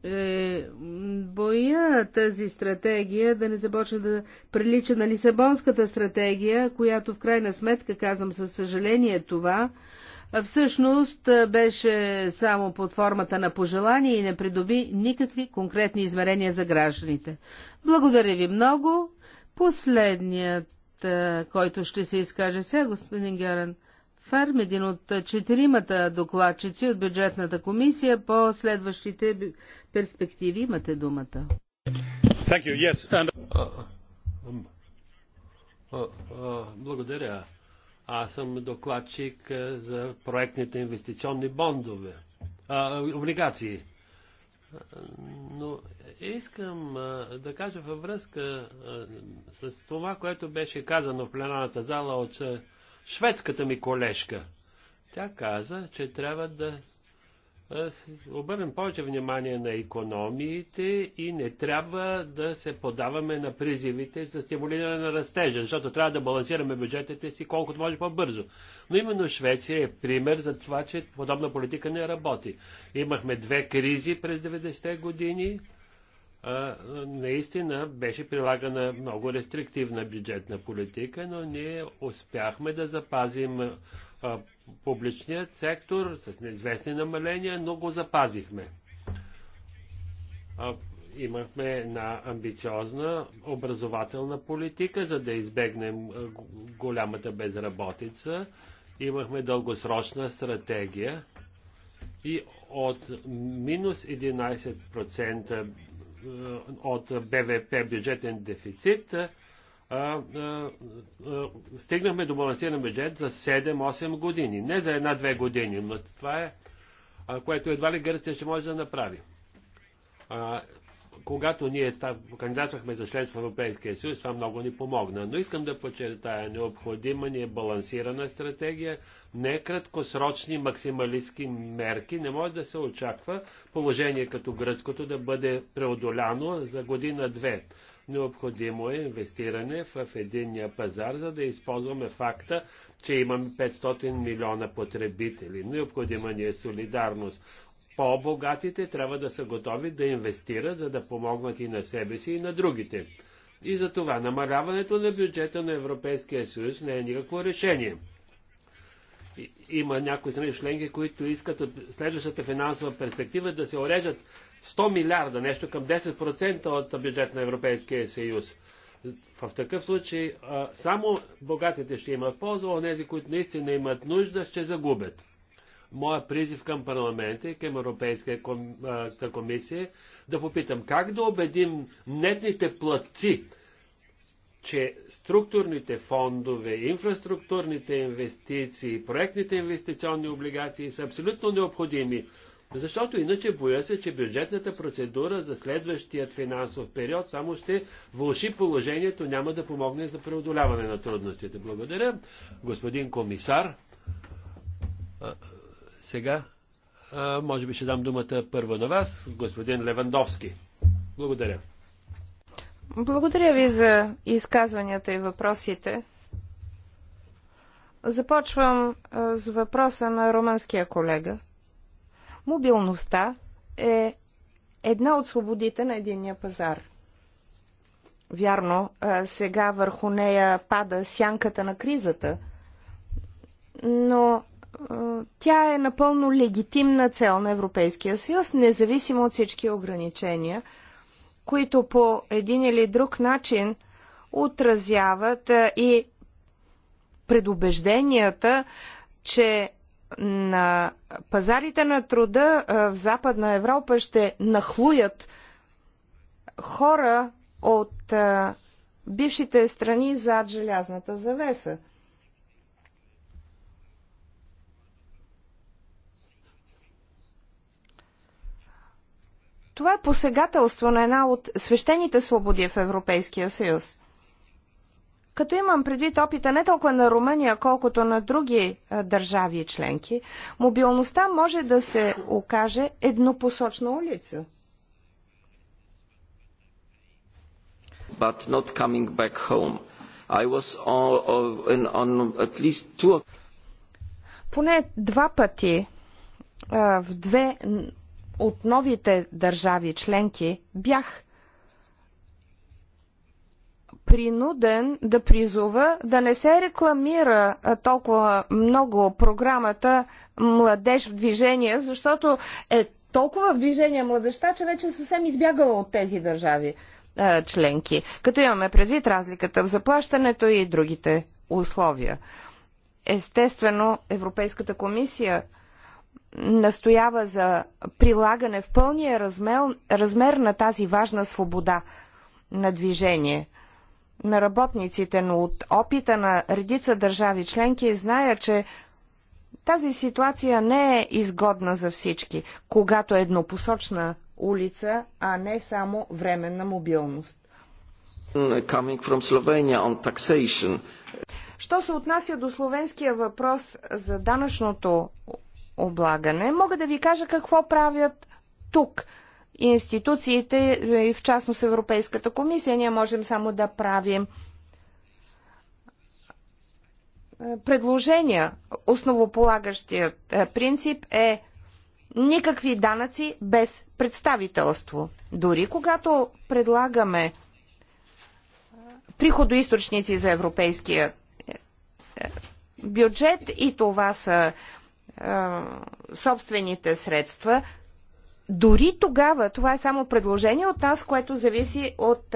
е, боя тази стратегия да не започне да прилича на Лисабонската стратегия, която в крайна сметка, казвам със съжаление това, всъщност беше само под формата на пожелание и не придоби никакви конкретни измерения за гражданите. Благодаря ви много. Последният, който ще се изкаже сега, господин Геран. Ферм, един от четиримата докладчици от бюджетната комисия по следващите перспективи. Имате думата. Yes. And... благодаря. Аз съм докладчик за проектните инвестиционни бондове, облигации. Но искам да кажа във връзка с това, което беше казано в пленарната зала от шведската ми колежка. Тя каза, че трябва да обърнем повече внимание на економиите и не трябва да се подаваме на призивите за стимулиране на растежа, защото трябва да балансираме бюджетите си колкото може по-бързо. Но именно Швеция е пример за това, че подобна политика не работи. Имахме две кризи през 90-те години, наистина беше прилагана много рестриктивна бюджетна политика, но ние успяхме да запазим публичният сектор с неизвестни намаления, но го запазихме. Имахме една амбициозна образователна политика, за да избегнем голямата безработица. Имахме дългосрочна стратегия и от минус 11% е, от БВП бюджетен дефицит, е, е, стигнахме до балансиран бюджет за 7-8 години. Не за една-две години, но това е, което едва ли Гърция ще може да направи когато ние кандидатствахме за членство в Европейския съюз, това много ни помогна. Но искам да подчертая, необходима ни е балансирана стратегия, не краткосрочни максималистски мерки. Не може да се очаква положение като гръцкото да бъде преодоляно за година-две. Необходимо е инвестиране в единния пазар, за да използваме факта, че имаме 500 милиона потребители. Необходима ни е солидарност по-богатите трябва да са готови да инвестират, за да помогнат и на себе си, и на другите. И за това намаляването на бюджета на Европейския съюз не е никакво решение. Има някои страни членки, които искат от следващата финансова перспектива да се орежат 100 милиарда, нещо към 10% от бюджет на Европейския съюз. В такъв случай само богатите ще имат полза, а тези, които наистина имат нужда, ще загубят моя призив към парламента и към Европейската комисия е да попитам как да убедим нетните платци, че структурните фондове, инфраструктурните инвестиции, проектните инвестиционни облигации са абсолютно необходими, защото иначе боя се, че бюджетната процедура за следващият финансов период само ще вълши положението, няма да помогне за преодоляване на трудностите. Благодаря, господин комисар. Сега, а, може би ще дам думата първо на вас, господин Левандовски. Благодаря. Благодаря ви за изказванията и въпросите. Започвам с въпроса на румънския колега. Мобилността е една от свободите на единния пазар. Вярно, сега върху нея пада сянката на кризата, но тя е напълно легитимна цел на Европейския съюз, независимо от всички ограничения, които по един или друг начин отразяват и предубежденията, че на пазарите на труда в Западна Европа ще нахлуят хора от бившите страни зад желязната завеса. Това е посегателство на една от свещените свободи в Европейския съюз. Като имам предвид опита не толкова на Румъния, колкото на други а, е, държави и членки, мобилността може да се окаже еднопосочна улица. But not coming back home. I was on, on, at least two... Поне два пъти а, е, в две от новите държави членки бях принуден да призова да не се рекламира толкова много програмата Младеж в движение, защото е толкова в движение младеща, че вече съвсем избягала от тези държави членки, като имаме предвид разликата в заплащането и другите условия. Естествено, Европейската комисия настоява за прилагане в пълния размер, размер на тази важна свобода на движение на работниците, но от опита на редица държави членки зная, че тази ситуация не е изгодна за всички, когато е еднопосочна улица, а не само временна мобилност. Що се отнася до словенския въпрос за данъчното облагане. Мога да ви кажа какво правят тук институциите и в частност Европейската комисия. Ние можем само да правим е, предложения. Основополагащият е, принцип е никакви данъци без представителство. Дори когато предлагаме е, приходоисточници за европейския бюджет и това са собствените средства, дори тогава, това е само предложение от нас, което зависи от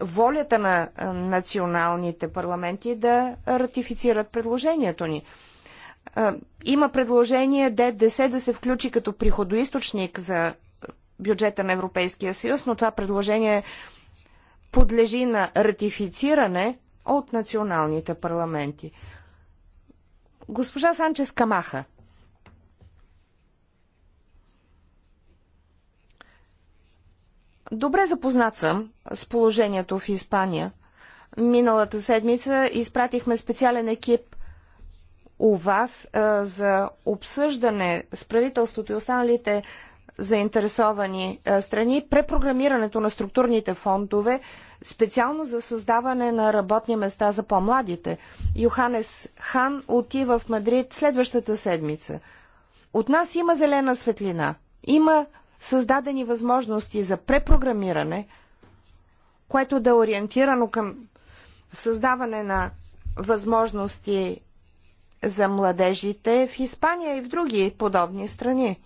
волята на националните парламенти да ратифицират предложението ни. има предложение ДДС да се включи като приходоисточник за бюджета на Европейския съюз, но това предложение подлежи на ратифициране от националните парламенти. Госпожа Санчес Камаха – Добре запознат съм с положението в Испания. Миналата седмица изпратихме специален екип у вас а, за обсъждане с правителството и останалите заинтересовани а, страни препрограмирането на структурните фондове специално за създаване на работни места за по-младите. Йоханес Хан отива в Мадрид следващата седмица. От нас има зелена светлина. Има създадени възможности за препрограмиране, което да е ориентирано към създаване на възможности за младежите в Испания и в други подобни страни.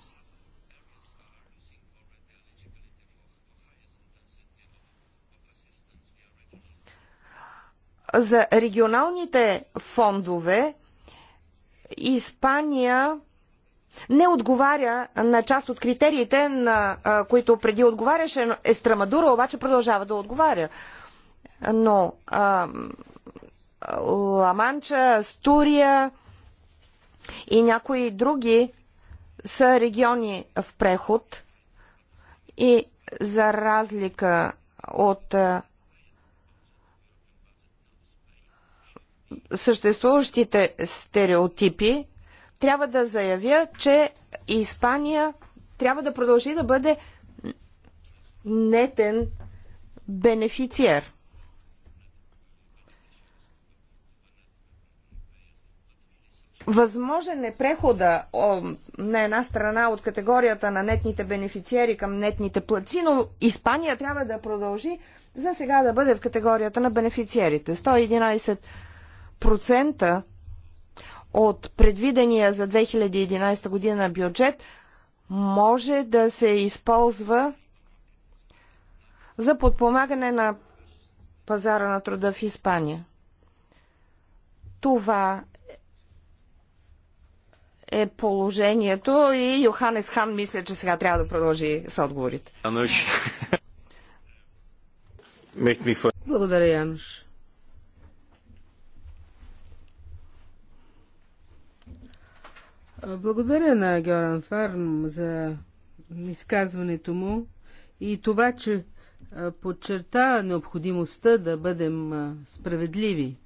За регионалните фондове Испания не отговаря на част от критериите, на които преди отговаряше Естрамадура, обаче продължава да отговаря. Но а, Ламанча, Стурия и някои други са региони в преход и за разлика от съществуващите стереотипи, трябва да заявя, че Испания трябва да продължи да бъде нетен бенефициер. Възможен е прехода о, на една страна от категорията на нетните бенефициери към нетните плаци, но Испания трябва да продължи за сега да бъде в категорията на бенефициерите. 111% от предвидения за 2011 година бюджет може да се използва за подпомагане на пазара на труда в Испания. Това е положението и Йоханес Хан мисля, че сега трябва да продължи с отговорите. Благодаря, Януш. Благодаря на Георан Фарм за изказването му и това, че подчерта необходимостта да бъдем справедливи.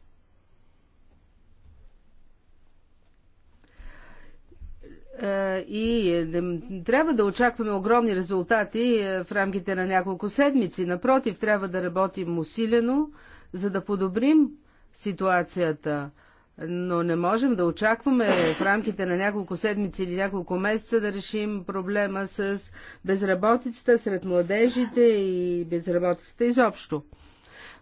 И е, трябва да очакваме огромни резултати е, в рамките на няколко седмици. Напротив, трябва да работим усилено, за да подобрим ситуацията но не можем да очакваме в рамките на няколко седмици или няколко месеца да решим проблема с безработицата сред младежите и безработицата изобщо.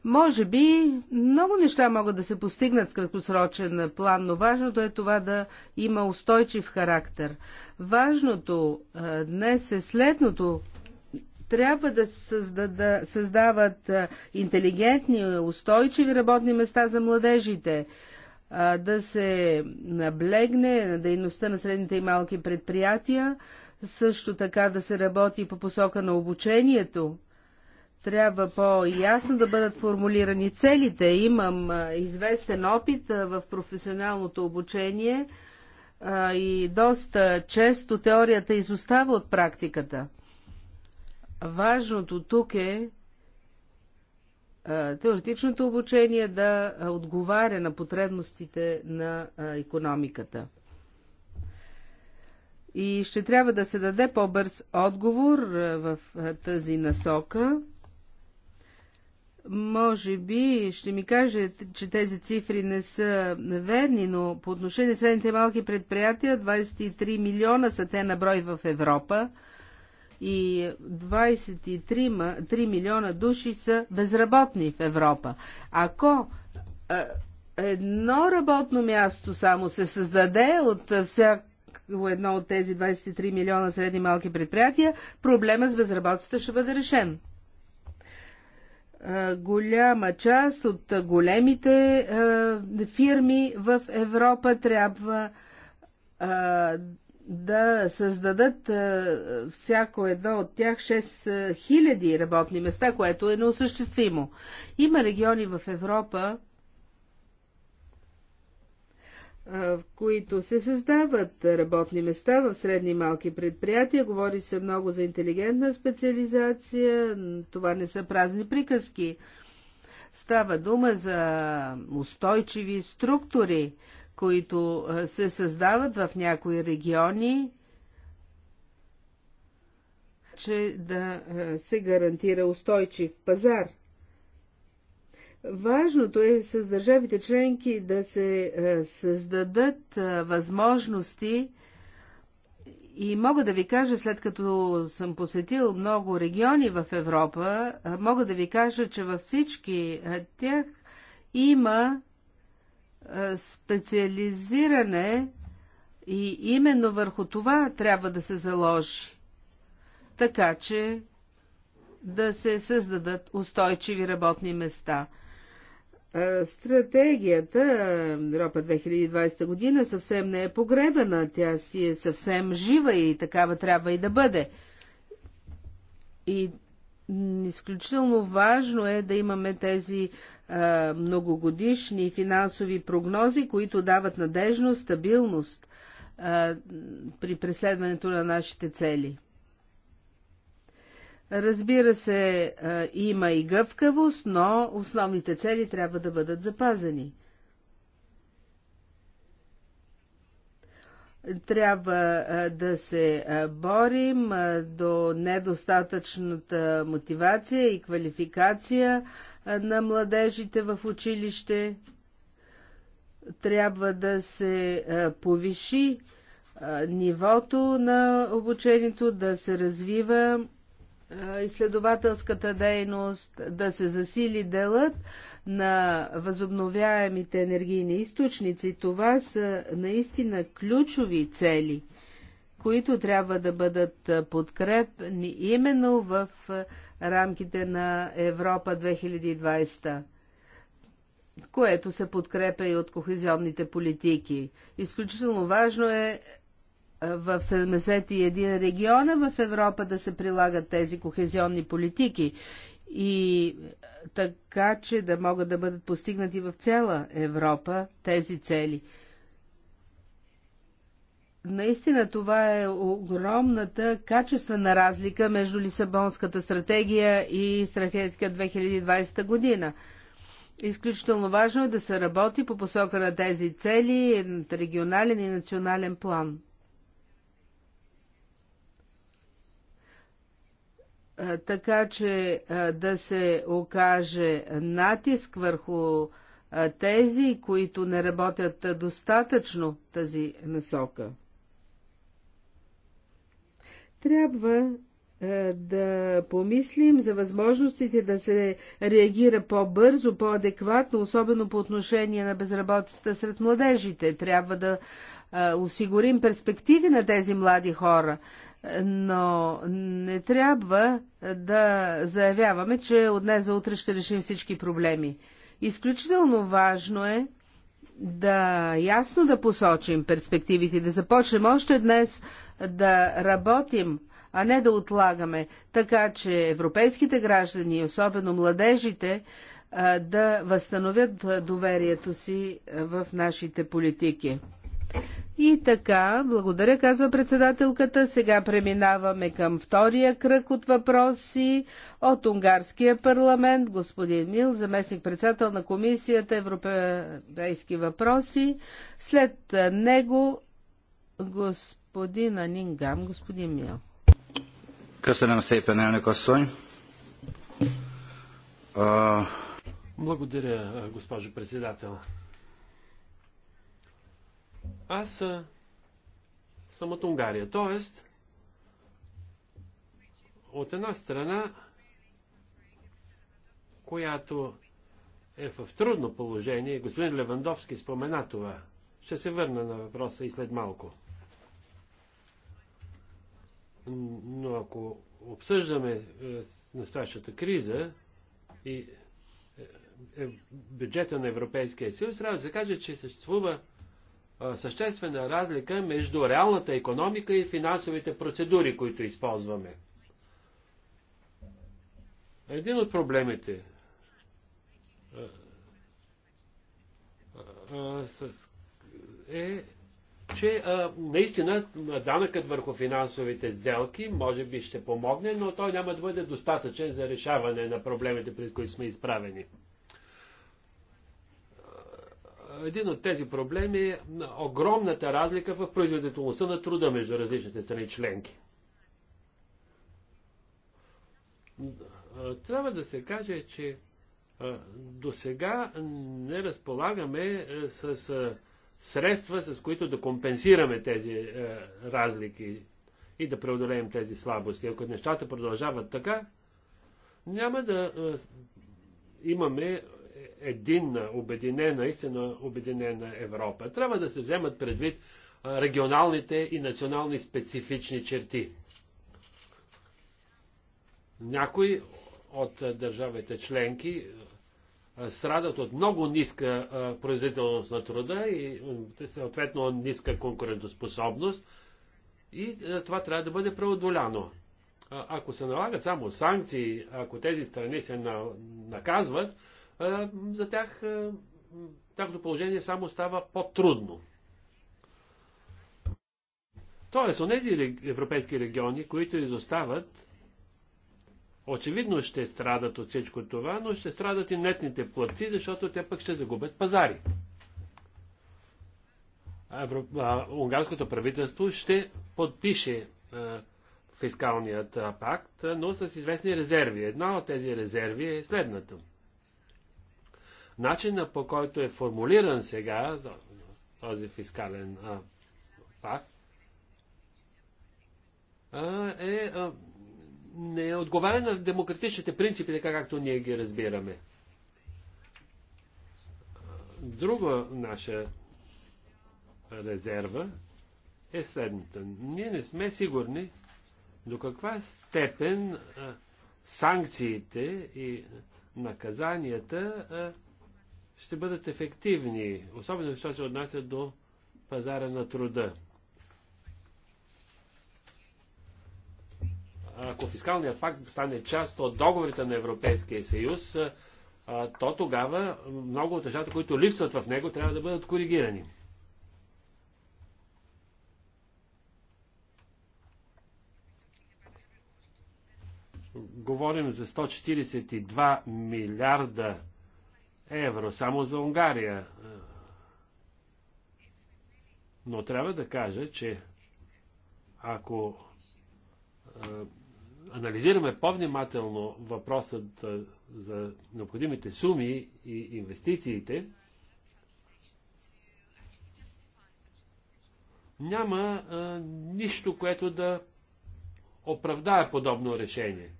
Може би много неща могат да се постигнат в краткосрочен план, но важното е това да има устойчив характер. Важното днес е следното. Трябва да създават интелигентни, устойчиви работни места за младежите да се наблегне на дейността на средните и малки предприятия, също така да се работи по посока на обучението. Трябва по-ясно да бъдат формулирани целите. Имам известен опит в професионалното обучение и доста често теорията изостава от практиката. Важното тук е е, теоретичното обучение да отговаря на потребностите на економиката. И ще трябва да се даде по-бърз отговор е, в е, тази насока. Може би ще ми каже, че тези цифри не са верни, но по отношение на средните малки предприятия 23 милиона са те на брой в Европа и 23 милиона души са безработни в Европа. Ако едно работно място само се създаде от всяко едно от тези 23 милиона средни малки предприятия, проблема с безработицата ще бъде решен. Голяма част от големите фирми в Европа трябва да създадат всяко едно от тях 6000 работни места, което е неосъществимо. Има региони в Европа, в които се създават работни места в средни и малки предприятия. Говори се много за интелигентна специализация. Това не са празни приказки. Става дума за устойчиви структури, които се създават в някои региони, че да се гарантира устойчив пазар. Важното е с държавите членки да се създадат възможности и мога да ви кажа, след като съм посетил много региони в Европа, мога да ви кажа, че във всички тях има е, специализиране и именно върху това трябва да се заложи, така че да се създадат устойчиви работни места. Е, стратегията е, Европа 2020 година съвсем не е погребена. тя си е съвсем жива и такава трябва и да бъде. И изключително важно е да имаме тези е, многогодишни финансови прогнози, които дават надежност, стабилност е, при преследването на нашите цели. Разбира се, е, има и гъвкавост, но основните цели трябва да бъдат запазени. Трябва да се борим до недостатъчната мотивация и квалификация на младежите в училище трябва да се повиши нивото на обучението, да се развива изследователската дейност, да се засили делът на възобновяемите енергийни източници. Това са наистина ключови цели, които трябва да бъдат подкрепни именно в рамките на Европа 2020 което се подкрепя и от кохезионните политики. Изключително важно е, е в 71 региона в Европа да се прилагат тези кохезионни политики и е, така, че да могат да бъдат постигнати в цяла Европа тези цели. Наистина това е огромната качествена разлика между Лисабонската стратегия и стратегия 2020 година. Изключително важно е да се работи по посока на тези цели на регионален и национален план. Така че да се окаже натиск върху тези, които не работят достатъчно тази насока. Трябва е, да помислим за възможностите да се реагира по-бързо, по-адекватно, особено по отношение на безработицата сред младежите. Трябва да е, осигурим перспективи на тези млади хора, но не трябва да заявяваме, че от днес за утре ще решим всички проблеми. Изключително важно е да ясно да посочим перспективите, да започнем още днес да работим, а не да отлагаме, така че европейските граждани, особено младежите, да възстановят доверието си в нашите политики. И така, благодаря, казва председателката. Сега преминаваме към втория кръг от въпроси от Унгарския парламент. Господин Мил, заместник председател на комисията Европейски въпроси. След него господин господин Мил. Köszönöm szépen, elnök asszony. Благодаря, госпожо председател. Аз съм от Унгария, т.е. от една страна, която е в трудно положение, господин Левандовски спомена това. Ще се върна на въпроса и след малко. Но ако обсъждаме е, настоящата криза и е, е, бюджета на Европейския съюз, трябва да се каже, че съществува съществена разлика между реалната економика и финансовите процедури, които използваме. Един от проблемите, е че а, наистина данъкът върху финансовите сделки може би ще помогне, но той няма да бъде достатъчен за решаване на проблемите, пред които сме изправени. Един от тези проблеми е огромната разлика в производителността на труда между различните страни членки. Трябва да се каже, че до сега не разполагаме с средства, с които да компенсираме тези е, разлики и да преодолеем тези слабости. Ако нещата продължават така, няма да е, имаме единна, обединена, истина обединена Европа. Трябва да се вземат предвид е, регионалните и национални специфични черти. Някои от държавите членки страдат от много ниска производителност на труда и съответно ниска конкурентоспособност. И това трябва да бъде преодоляно. Ако се налагат само санкции, ако тези страни се наказват, за тях тяхното положение само става по-трудно. Тоест, нези европейски региони, които изостават, очевидно ще страдат от всичко това, но ще страдат и нетните платци, защото те пък ще загубят пазари. Евро... А, унгарското правителство ще подпише а, фискалният а, пакт, но с известни резерви. Една от тези резерви е следната. Начина по който е формулиран сега този фискален а, пакт а, е а, не отговаря на демократичните принципи, така както ние ги разбираме. Друга наша резерва е следната. Ние не сме сигурни до каква степен санкциите и наказанията ще бъдат ефективни, особено що се отнася до пазара на труда. ако фискалният пакт стане част от договорите на Европейския съюз, то тогава много от нещата, които липсват в него, трябва да бъдат коригирани. Говорим за 142 милиарда евро само за Унгария. Но трябва да кажа, че ако анализираме по-внимателно въпросът за необходимите суми и инвестициите, няма а, нищо, което да оправдае подобно решение.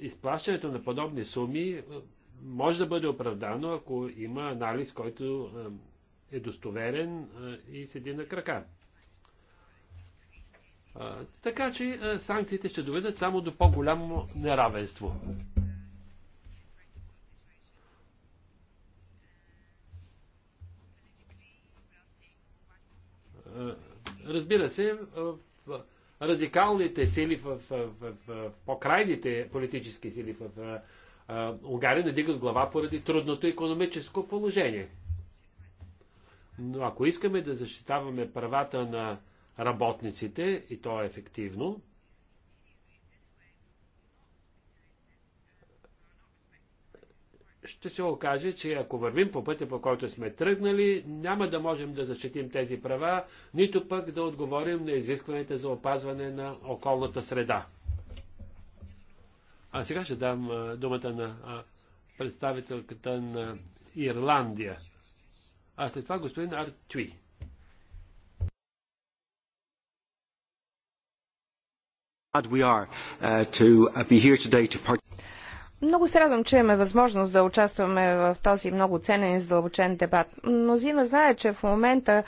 Изплащането на подобни суми може да бъде оправдано, ако има анализ, който е достоверен и седи на крака така че санкциите ще доведат само до по-голямо неравенство. разбира се, в, в, радикалните сили в, в по-крайните политически сили в Унгария не дигат глава поради трудното економическо положение. Но ако искаме да защитаваме правата на работниците и то е ефективно. ще се окаже, че ако вървим по пътя, по който сме тръгнали, няма да можем да защитим тези права, нито пък да отговорим на изискванията за опазване на околната среда. А сега ще дам думата на представителката на Ирландия. А след това господин Артюи. Uh, uh, много се радвам, че имаме възможност да участваме в този много ценен и задълбочен дебат. Мнозина знае, че в момента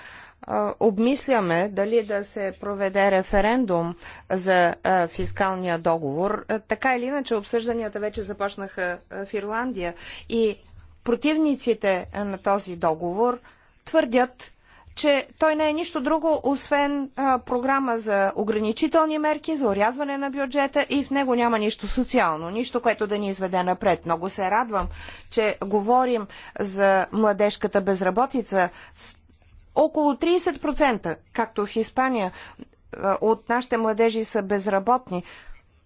обмисляме дали да се проведе референдум за фискалния договор. така или иначе, обсъжданията вече започнаха в Ирландия и противниците на този договор твърдят, че той не е нищо друго, освен а, програма за ограничителни мерки, за урязване на бюджета и в него няма нищо социално, нищо, което да ни изведе напред. Много се радвам, че говорим за младежката безработица. Около 30%, както в Испания, от нашите младежи са безработни.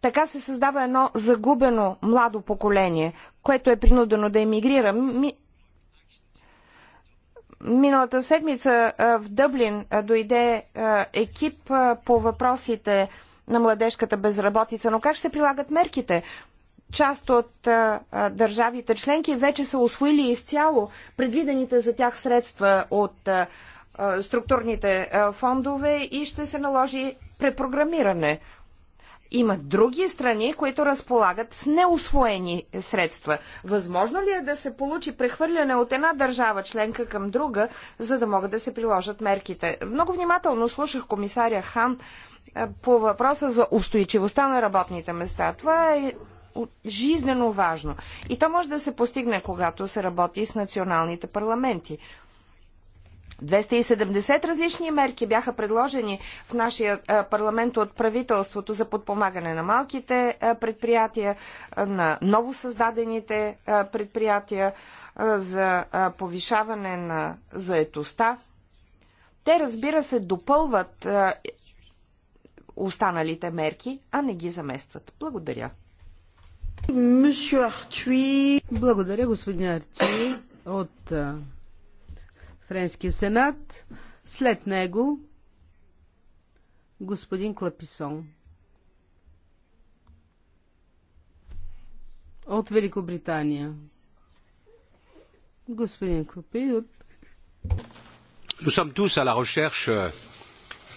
Така се създава едно загубено младо поколение, което е принудено да емигрира. Миналата седмица в Дъблин дойде екип по въпросите на младежката безработица, но как ще прилагат мерките? Част от държавите членки вече са освоили изцяло предвидените за тях средства от структурните фондове и ще се наложи препрограмиране. Има други страни, които разполагат с неосвоени средства. Възможно ли е да се получи прехвърляне от една държава членка към друга, за да могат да се приложат мерките? Много внимателно слушах комисаря Хан по въпроса за устойчивостта на работните места. Това е жизнено важно. И то може да се постигне, когато се работи с националните парламенти. 270 различни мерки бяха предложени в нашия парламент от правителството за подпомагане на малките предприятия, на новосъздадените предприятия, за повишаване на заетостта. Те, разбира се, допълват останалите мерки, а не ги заместват. Благодаря. Благодаря, господин Артюи, от Френския сенат. След него господин Клаписон. От Великобритания. Господин Клапи от... Nous sommes tous à la recherche euh,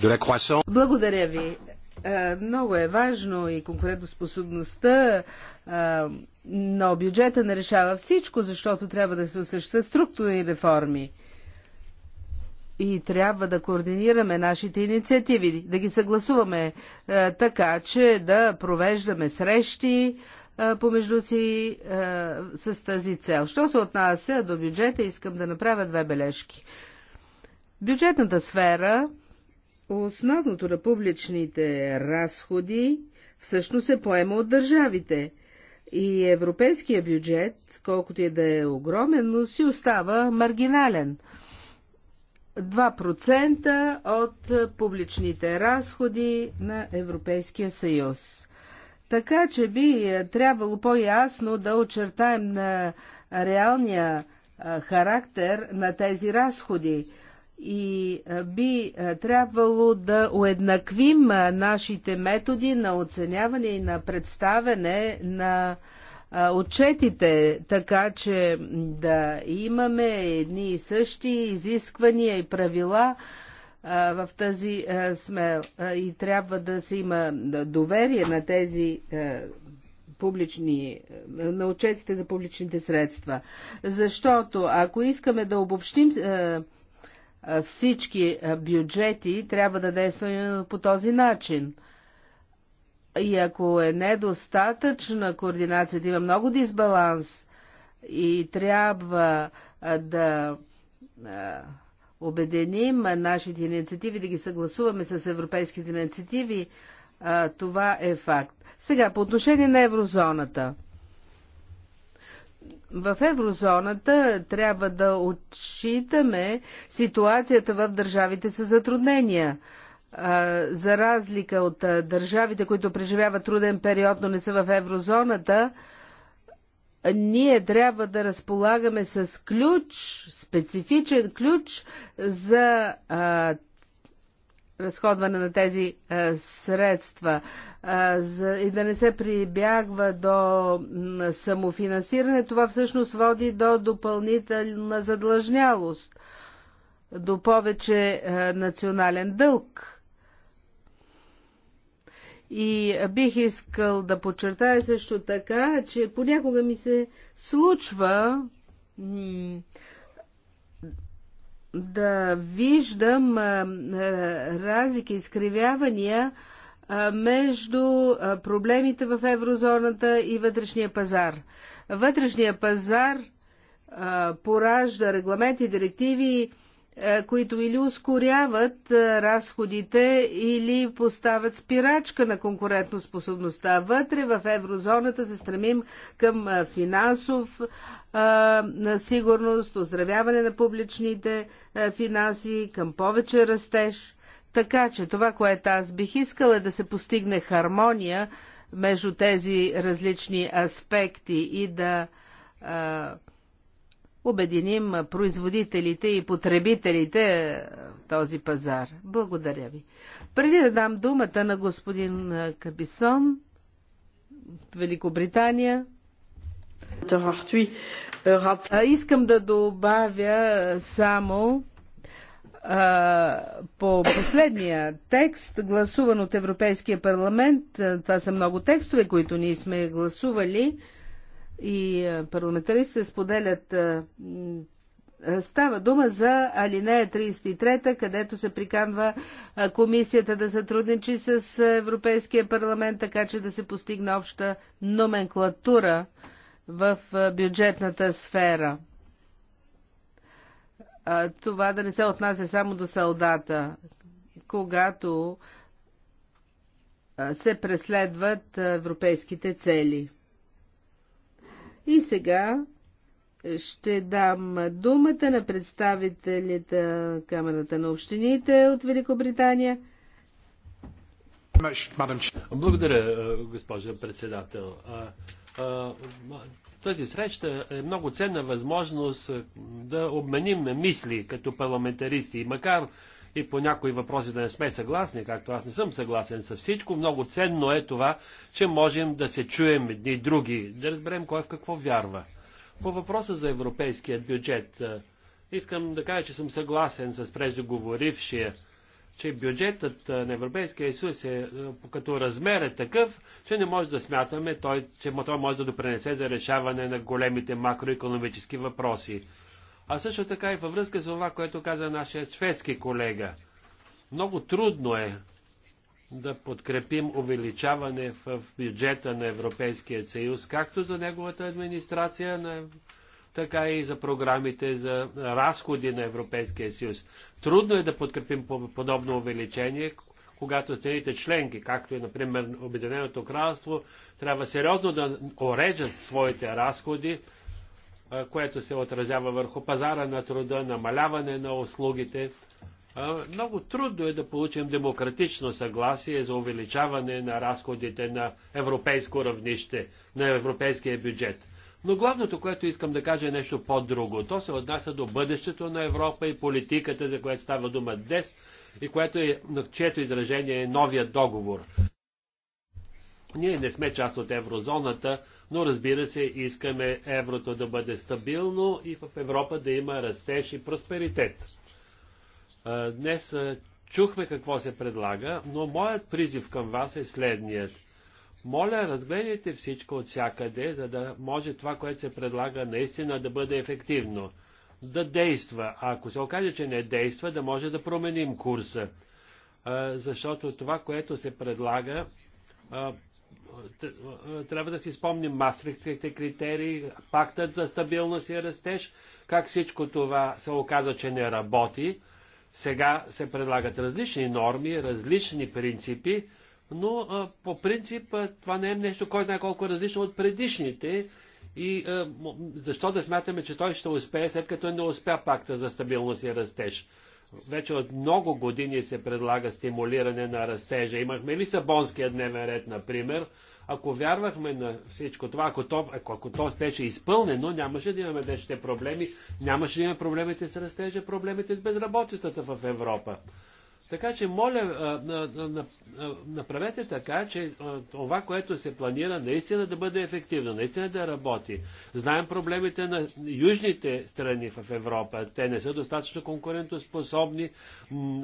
de la croissance. Благодаря ви. Е, много е важно и конкурентоспособността, е, но бюджета не решава всичко, защото трябва да се осъществят структурни реформи – и трябва да координираме нашите инициативи, да ги съгласуваме е, така, че да провеждаме срещи е, помежду си е, с тази цел. Що се отнася до бюджета, искам да направя две бележки. Бюджетната сфера, основното на публичните разходи, всъщност се поема от държавите. И европейския бюджет, колкото и да е огромен, но си остава маргинален – 2% от публичните разходи на Европейския съюз. Така че би е, трябвало по-ясно да очертаем на реалния характер на тези разходи и би трябвало да уеднаквим нашите методи на оценяване и на представяне на отчетите, така че да имаме едни и същи изисквания и правила в тази смел. И трябва да се има доверие на тези публични, на отчетите за публичните средства. Защото ако искаме да обобщим всички бюджети, трябва да действаме по този начин – и ако е недостатъчна координацията, има много дисбаланс и трябва да обединим нашите инициативи, да ги съгласуваме с европейските инициативи, това е факт. Сега, по отношение на еврозоната. В еврозоната трябва да отчитаме ситуацията в държавите с затруднения за разлика от държавите, които преживяват труден период, но не са в еврозоната, ние трябва да разполагаме с ключ, специфичен ключ за разходване на тези средства и да не се прибягва до самофинансиране. Това всъщност води до допълнителна задлъжнялост, до повече национален дълг. И бих искал да подчертая също така, че понякога ми се случва да виждам разлики, изкривявания между проблемите в еврозоната и вътрешния пазар. Вътрешния пазар поражда регламенти, директиви, е, които или ускоряват е, разходите, или поставят спирачка на конкурентоспособността. Вътре в еврозоната се стремим към е, финансов на сигурност, оздравяване на публичните финанси, към повече растеж. Така че това, което аз бих искала е да се постигне хармония между тези различни аспекти и да а, обединим производителите и потребителите в е, този пазар. Благодаря ви. Преди да дам думата на господин е, Кабисон от Великобритания, искам да добавя само е, по последния текст, гласуван от Европейския парламент, това са много текстове, които ние сме гласували, и е, парламентаристите споделят. Е, е, става дума за алинея 33, където се приканва комисията да сътрудничи с Европейския парламент, така че да се постигне обща номенклатура в бюджетната сфера. Това да не се отнася само до солдата, когато се преследват европейските цели. И сега ще дам думата на представителите на Камерата на общините от Великобритания. Благодаря, госпожа председател. Тази среща е много ценна възможност да обменим мисли като парламентаристи. Макар и по някои въпроси да не сме съгласни, както аз не съм съгласен с всичко, много ценно е това, че можем да се чуем едни други, да разберем кой в какво вярва. По въпроса за европейския бюджет, искам да кажа, че съм съгласен с преждеговорившия, че бюджетът на Европейския съюз е, като размер е такъв, че не може да смятаме, той, че той може да допренесе за решаване на големите макроекономически въпроси. А също така и във връзка с това, което каза нашия шведски колега. Много трудно е да подкрепим увеличаване в бюджета на Европейския съюз, както за неговата администрация, така и за програмите за разходи на Европейския съюз. Трудно е да подкрепим подобно увеличение, когато страните членки, както и, например, Обединеното кралство, трябва сериозно да орежат своите разходи, което се отразява върху пазара на труда, намаляване на услугите. Много трудно е да получим демократично съгласие за увеличаване на разходите на европейско равнище, на европейския бюджет. Но главното, което искам да кажа е нещо по-друго. То се отнася до бъдещето на Европа и политиката, за която става дума днес и което е, на чието изражение е новия договор. Ние не сме част от еврозоната, но разбира се, искаме еврото да бъде стабилно и в Европа да има растеж и просперитет. Днес чухме какво се предлага, но моят призив към вас е следният. Моля, разгледайте всичко от всякъде, за да може това, което се предлага, наистина да бъде ефективно. Да действа. А ако се окаже, че не действа, да може да променим курса. защото това, което се предлага, трябва да си спомним мастрихските критерии, пактът за стабилност и растеж, как всичко това се оказа, че не работи. Сега се предлагат различни норми, различни принципи, но по принцип това не е нещо, кой знае колко е различно от предишните. И защо да смятаме, че той ще успее, след като не успя пакта за стабилност и растеж? Вече от много години се предлага стимулиране на растежа. Имахме Лисабонския дневен ред, например. Ако вярвахме на всичко това, ако то, ако, ако то беше изпълнено, нямаше да имаме вече проблеми, нямаше да имаме проблемите с растежа, проблемите с безработицата в Европа. Така че, моля, направете така, че това, което се планира, наистина да бъде ефективно, наистина да работи. Знаем проблемите на южните страни в Европа. Те не са достатъчно конкурентоспособни.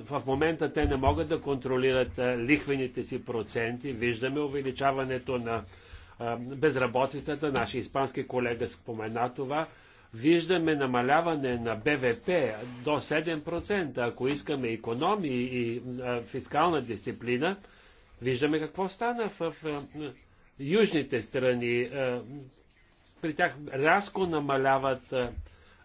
В момента те не могат да контролират лихвените си проценти. Виждаме увеличаването на безработицата. Нашия испански колега спомена това виждаме намаляване на БВП до 7%. Ако искаме економии и фискална дисциплина, виждаме какво стана в южните страни. При тях рязко намаляват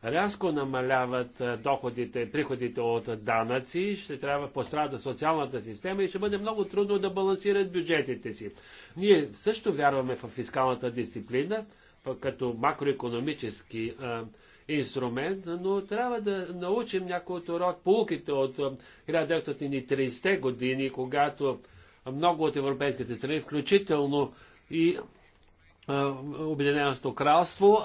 рязко намаляват доходите, приходите от данъци, ще трябва пострада социалната система и ще бъде много трудно да балансират бюджетите си. Ние също вярваме в фискалната дисциплина, като макроекономически инструмент, но трябва да научим някои от урок, полуките от 1930-те години, когато много от европейските страни, включително и Обединеното кралство,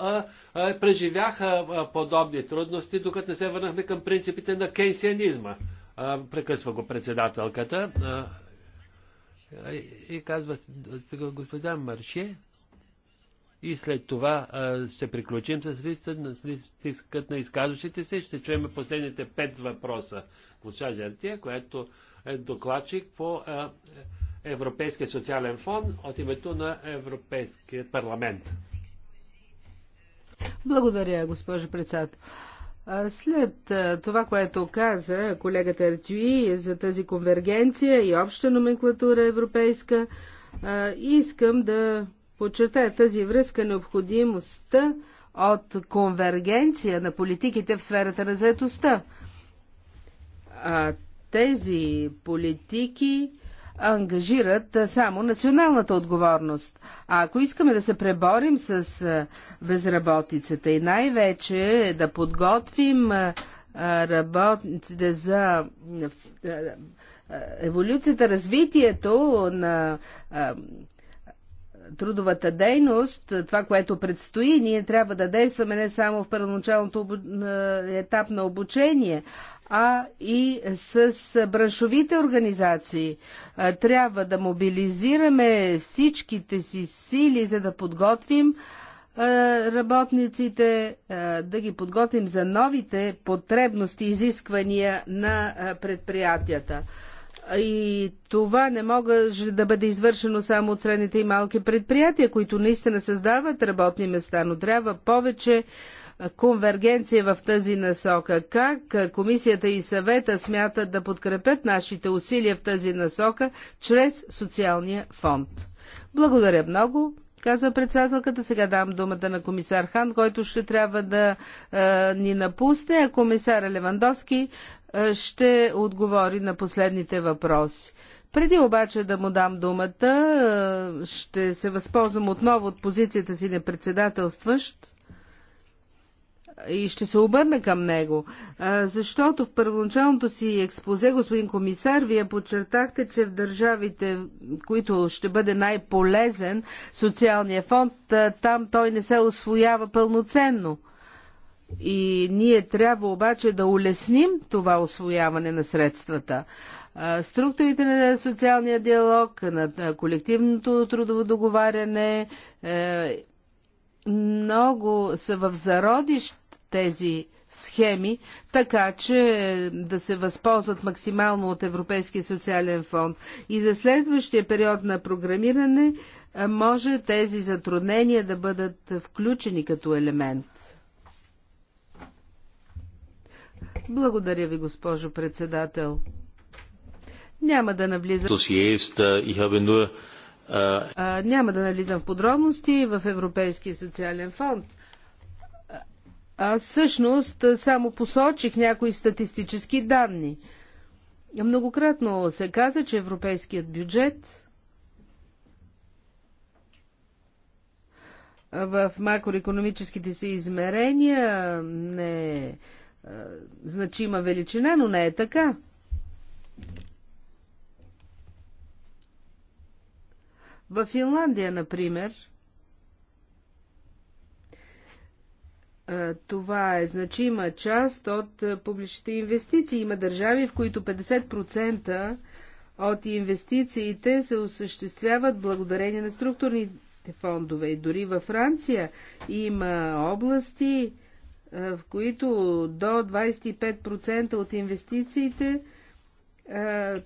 преживяха подобни трудности, докато не се върнахме към принципите на кейсианизма. Прекъсва го председателката и казва господин господа Марше, и след това а, ще приключим с рискът на, на изказващите се. Ще чуем последните пет въпроса. от Жартия, което е докладчик по а, Европейския социален фонд от името на Европейския парламент. Благодаря, госпожо председател. След това, което каза колегата Артюи за тази конвергенция и обща номенклатура европейска, искам да подчертая тази връзка необходимостта от конвергенция на политиките в сферата на заетостта. А тези политики ангажират само националната отговорност. А ако искаме да се преборим с безработицата и най-вече да подготвим работниците за еволюцията, развитието на трудовата дейност, това, което предстои, ние трябва да действаме не само в първоначалното етап на обучение, а и с браншовите организации. Трябва да мобилизираме всичките си сили, за да подготвим работниците, да ги подготвим за новите потребности, изисквания на предприятията. И това не може да бъде извършено само от средните и малки предприятия, които наистина създават работни места, но трябва повече конвергенция в тази насока. Как комисията и съвета смятат да подкрепят нашите усилия в тази насока чрез социалния фонд? Благодаря много казва председателката. Сега дам думата на комисар Хан, който ще трябва да а, е, ни напусне, а комисар Левандовски а, е, ще отговори на последните въпроси. Преди обаче да му дам думата, а, е, ще се възползвам отново от позицията си на председателстващ и ще се обърна към него, защото в първоначалното си експозе, господин комисар, вие подчертахте, че в държавите, които ще бъде най-полезен социалния фонд, там той не се освоява пълноценно. И ние трябва обаче да улесним това освояване на средствата. Структурите на социалния диалог, на колективното трудово договаряне, е, много са в зародиш тези схеми, така че да се възползват максимално от Европейския социален фонд. И за следващия период на програмиране може тези затруднения да бъдат включени като елемент. Благодаря ви, госпожо председател. Няма да навлизам. Няма да навлизам в подробности в Европейския социален фонд. Аз всъщност само посочих някои статистически данни. Многократно се каза, че европейският бюджет в макроекономическите си измерения не е значима величина, но не е така. В Финландия, например, Това е значима част от публичните инвестиции. Има държави, в които 50% от инвестициите се осъществяват благодарение на структурните фондове. И дори във Франция има области, в които до 25% от инвестициите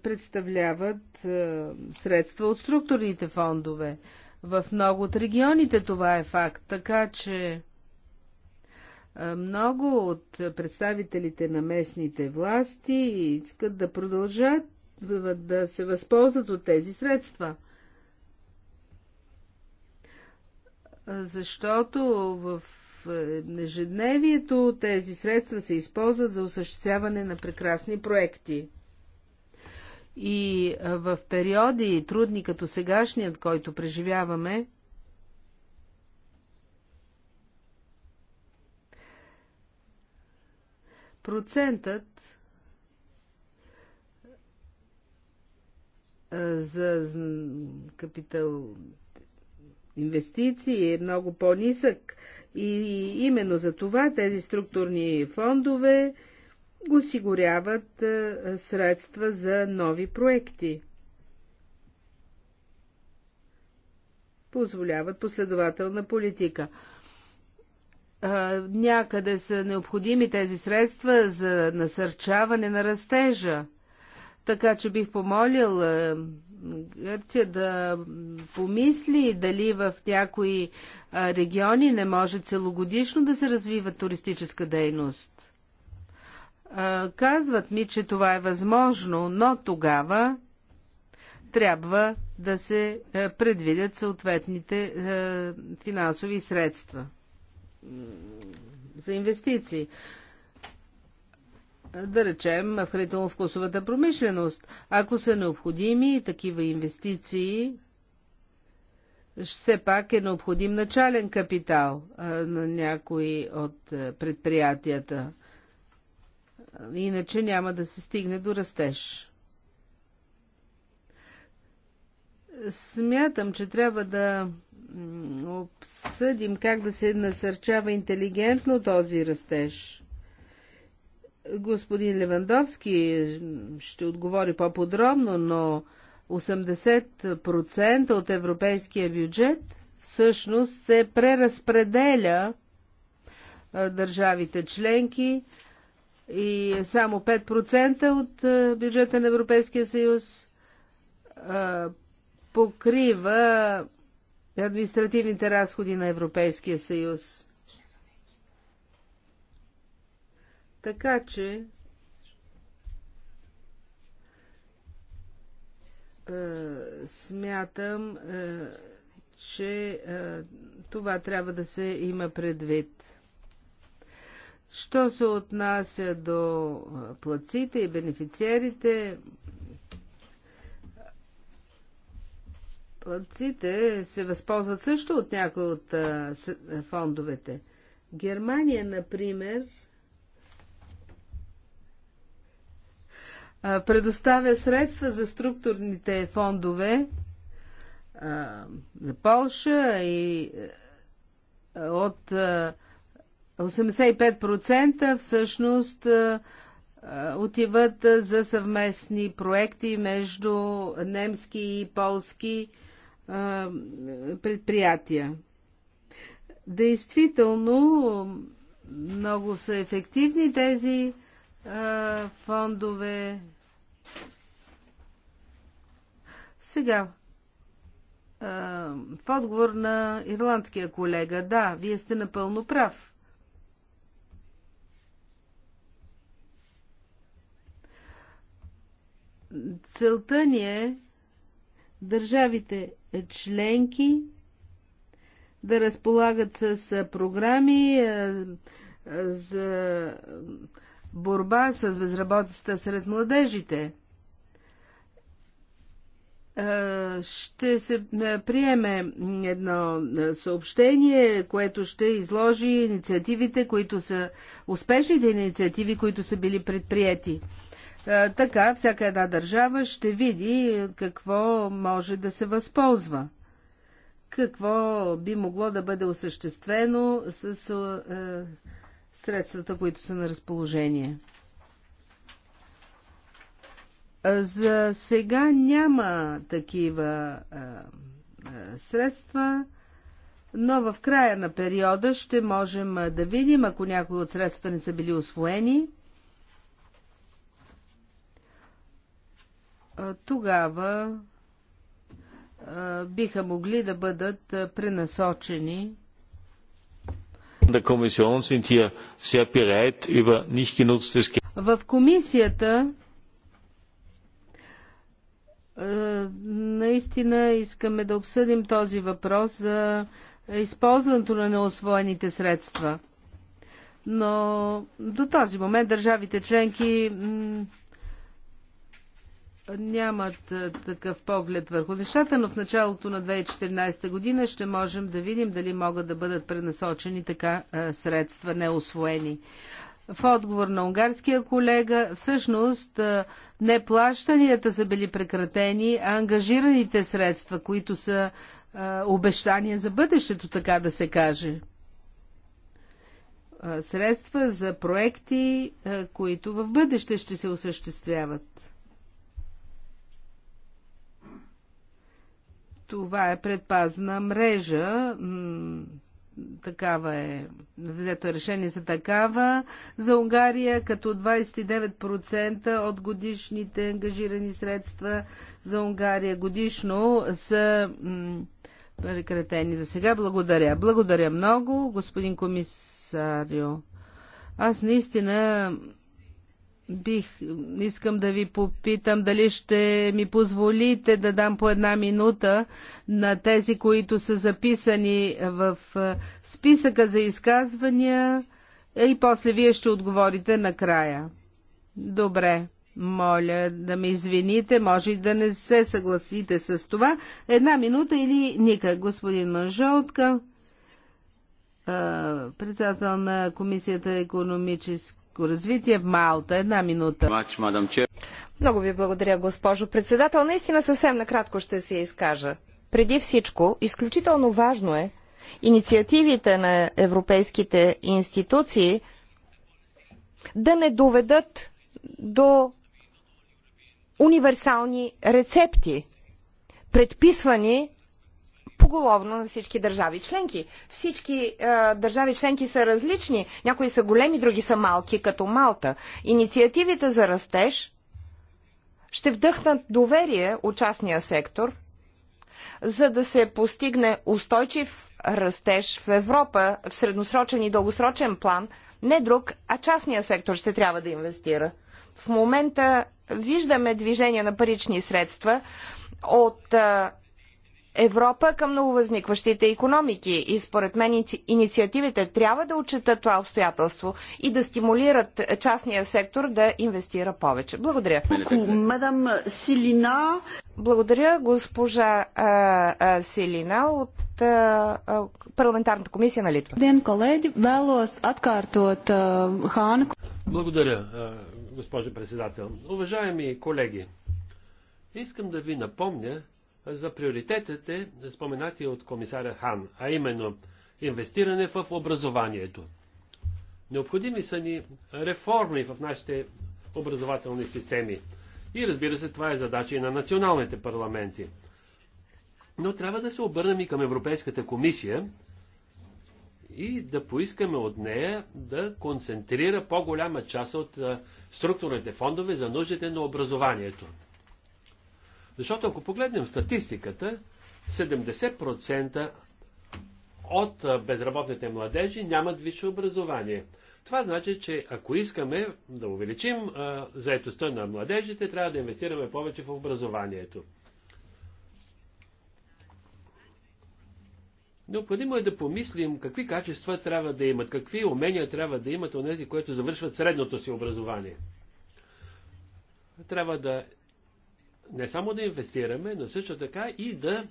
представляват средства от структурните фондове. В много от регионите това е факт, така че много от представителите на местните власти искат да продължат да се възползват от тези средства. Защото в ежедневието тези средства се използват за осъществяване на прекрасни проекти. И в периоди трудни като сегашният, който преживяваме, Процентът за капитал инвестиции е много по-нисък и именно за това тези структурни фондове осигуряват средства за нови проекти. Позволяват последователна политика някъде са необходими тези средства за насърчаване на растежа. Така че бих помолил Гърция да помисли дали в някои региони не може целогодишно да се развива туристическа дейност. Казват ми, че това е възможно, но тогава трябва да се предвидят съответните финансови средства за инвестиции. Да речем, в хранително-вкусовата промишленост. Ако са необходими такива инвестиции, все пак е необходим начален капитал на някои от е, предприятията. Иначе няма да се стигне до растеж. Смятам, че трябва да обсъдим как да се насърчава интелигентно този растеж. Господин Левандовски ще отговори по-подробно, но 80% от европейския бюджет всъщност се преразпределя държавите членки и само 5% от бюджета на Европейския съюз покрива административните разходи на Европейския съюз. Така че смятам, че това трябва да се има предвид. Що се отнася до плаците и бенефициерите, Данакоплатците се възползват също от някои от а, с, а, фондовете. Германия, например, а, предоставя средства за структурните фондове а, за Полша и а, от а, 85% всъщност а, отиват за съвместни проекти между немски и полски предприятия. Действително, много са ефективни тези фондове. Сега, в отговор на ирландския колега, да, вие сте напълно прав. Целта ни е държавите членки да разполагат с програми за борба с безработицата сред младежите. Ще се приеме едно съобщение, което ще изложи инициативите, които са успешните инициативи, които са били предприяти. Е, така всяка една държава ще види какво може да се възползва, какво би могло да бъде осъществено с е, средствата, които са на разположение. Е, за сега няма такива е, е, средства но в края на периода ще можем е, да видим, ако някои от средствата не са били освоени, тогава биха могли да бъдат пренасочени. В комисията наистина искаме да обсъдим този въпрос за използването на неосвоените средства. Но до този момент държавите членки нямат е, такъв поглед върху нещата, но в началото на 2014 година ще можем да видим дали могат да бъдат пренасочени така е, средства неосвоени. В отговор на унгарския колега, всъщност е, не плащанията са били прекратени, а ангажираните средства, които са обещания за бъдещето, така да се каже. Средства за проекти, които в бъдеще ще се осъществяват. Това е предпазна мрежа. Такава е. Взето е решение за такава. За Унгария като 29% от годишните ангажирани средства за Унгария годишно са прекратени за сега. Благодаря. Благодаря много, господин комисарио. Аз наистина Бих, искам да ви попитам дали ще ми позволите да дам по една минута на тези, които са записани в списъка за изказвания е, и после вие ще отговорите накрая. Добре, моля да ме извините, може и да не се съгласите с това. Една минута или никак, господин Манжотка, председател на Комисията економически економическо развитие в Малта. Една минута. Много ви благодаря, госпожо председател. Наистина съвсем накратко ще се изкажа. Преди всичко, изключително важно е инициативите на европейските институции да не доведат до универсални рецепти, предписвани поголовно на всички държави членки. Всички е, държави членки са различни. Някои са големи, други са малки, като Малта. Инициативите за растеж ще вдъхнат доверие от частния сектор, за да се постигне устойчив растеж в Европа в средносрочен и дългосрочен план. Не друг, а частния сектор ще трябва да инвестира. В момента виждаме движение на парични средства от а, е, Европа към нововъзникващите економики. И според мен инициативите трябва да отчитат това обстоятелство и да стимулират частния сектор да инвестира повече. Благодаря. Мадам Силина. Благодаря, госпожа а, а, Силина от парламентарната комисия на Литва. Ден колеги, велос Хан. Благодаря, госпожо председател. Уважаеми колеги, искам да ви напомня, за приоритетите, споменати от комисаря Хан, а именно инвестиране в образованието. Необходими са ни реформи в нашите образователни системи. И разбира се, това е задача и на националните парламенти. Но трябва да се обърнем и към Европейската комисия и да поискаме от нея да концентрира по-голяма част от структурните фондове за нуждите на образованието. Защото ако погледнем статистиката, 70% от безработните младежи нямат висше образование. Това значи, че ако искаме да увеличим заетостта на младежите, трябва да инвестираме повече в образованието. Необходимо е да помислим какви качества трябва да имат, какви умения трябва да имат нези, които завършват средното си образование. Трябва да не само да инвестираме, но също така и да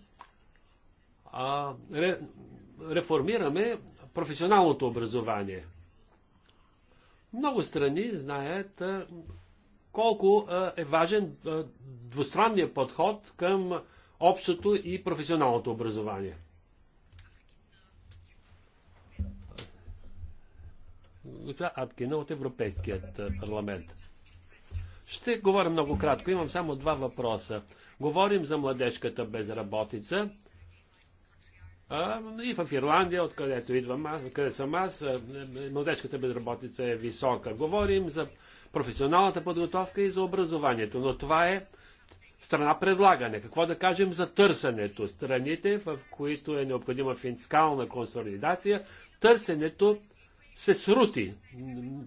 а, ре, реформираме професионалното образование. Много страни знаят а, колко а, е важен а, двустранният подход към общото и професионалното образование. Госпожа Аткина от Европейският парламент. Ще говоря много кратко. Имам само два въпроса. Говорим за младежката безработица. и в Ирландия, откъдето идвам къде съм аз, младежката безработица е висока. Говорим за професионалната подготовка и за образованието, но това е страна предлагане. Какво да кажем за търсенето? Страните, в които е необходима фискална консолидация, търсенето се срути.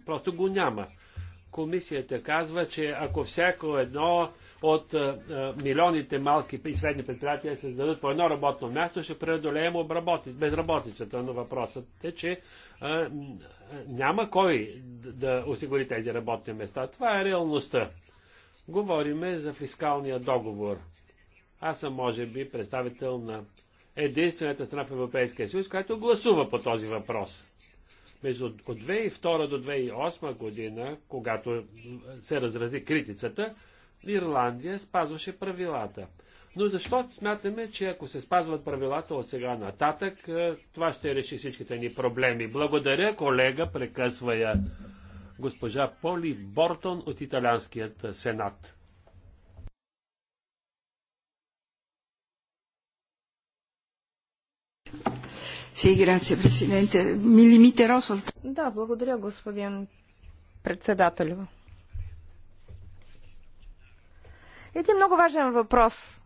Просто го няма. Комисията казва, че ако всяко едно от а, милионите малки и средни предприятия се зададат по едно работно място, ще преодолеем безработицата. Но въпросът е, че а, няма кой да осигури тези работни места. Това е реалността. Говориме за фискалния договор. Аз съм, може би, представител на единствената страна в Европейския съюз, която гласува по този въпрос. Между от 2002 до 2008 година, когато се разрази критицата, Ирландия спазваше правилата. Но защо смятаме, че ако се спазват правилата от сега нататък, е, това ще реши всичките ни проблеми? Благодаря, колега, прекъсва я госпожа Поли Бортон от Италианският сенат. Да, благодаря, господин председателю. Един много важен въпрос,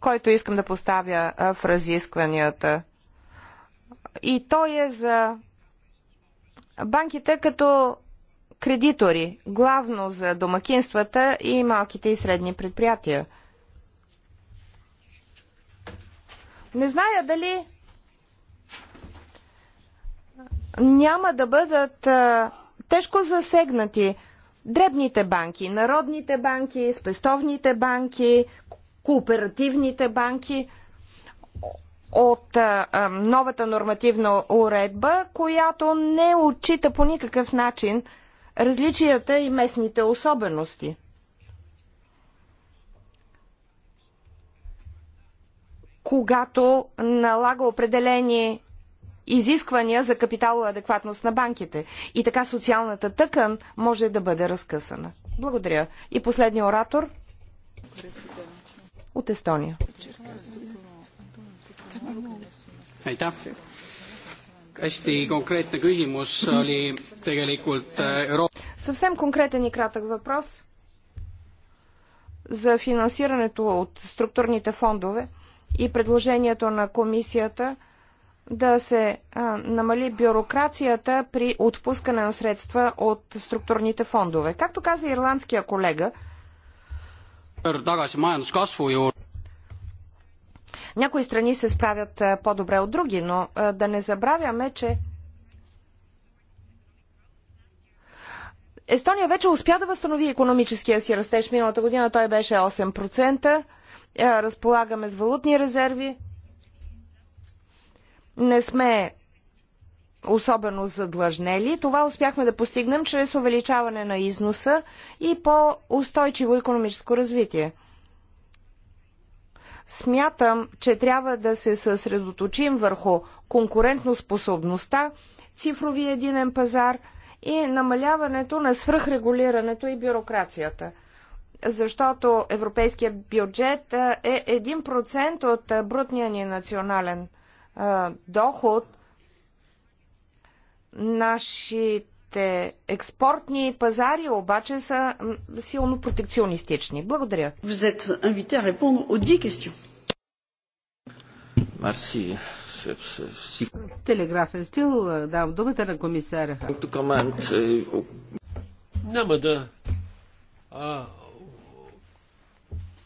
който искам да поставя в разискванията. И той е за банките като кредитори, главно за домакинствата и малките и средни предприятия. Не зная дали няма да бъдат а, тежко засегнати дребните банки, народните банки, спестовните банки, кооперативните банки от а, а, новата нормативна уредба, която не отчита по никакъв начин различията и местните особености. Когато налага определени изисквания за капиталова адекватност на банките. И така социалната тъкан може да бъде разкъсана. Благодаря. И последния оратор от Естония. Äh, Съвсем конкретен и кратък въпрос за финансирането от структурните фондове и предложението на комисията да се а, намали бюрокрацията при отпускане на средства от структурните фондове. Както каза ирландския колега, някои страни се справят по-добре от други, но а, да не забравяме, че Естония вече успя да възстанови економическия си растеж. Миналата година той беше 8%. Разполагаме с валутни резерви не сме особено задлъжнели. Това успяхме да постигнем чрез увеличаване на износа и по-устойчиво економическо развитие. Смятам, че трябва да се съсредоточим върху конкурентноспособността, цифровия единен пазар и намаляването на свръхрегулирането и бюрокрацията. Защото европейският бюджет е 1% е от брутния ни национален доход, нашите експортни пазари обаче са силно протекционистични. Благодаря. Vous êtes invité à répondre aux 10 questions. Merci. Телеграфен стил, давам думата на комисаря. Няма да а,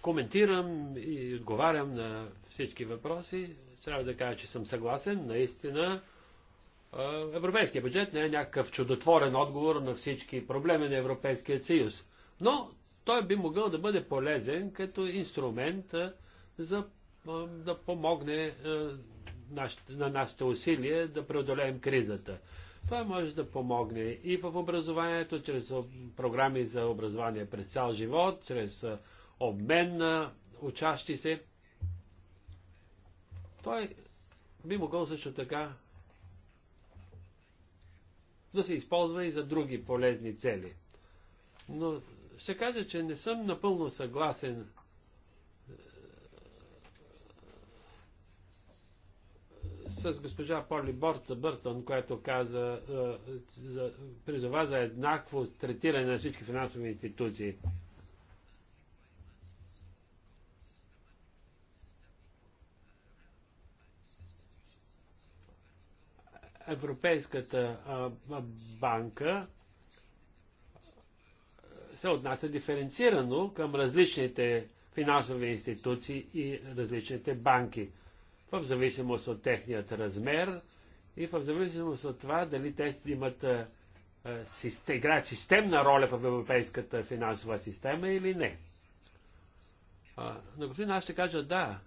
коментирам и отговарям на всички въпроси трябва да кажа, че съм съгласен. Наистина, европейския бюджет не е някакъв чудотворен отговор на всички проблеми на Европейския съюз. Но той би могъл да бъде полезен като инструмент за да помогне на нашите усилия да преодолеем кризата. Той може да помогне и в образованието, чрез програми за образование през цял живот, чрез обмен на учащи се. Той би могъл също така да се използва и за други полезни цели. Но ще кажа, че не съм напълно съгласен е, с госпожа Поли Борта Бъртън, която каза, е, призова за еднакво третиране на всички финансови институции. Европейската банка се отнася диференцирано към различните финансови институции и различните банки, в зависимост от техният размер и в зависимост от това дали те имат играят системна роля в европейската финансова система или не. А, на господин аз ще кажа да.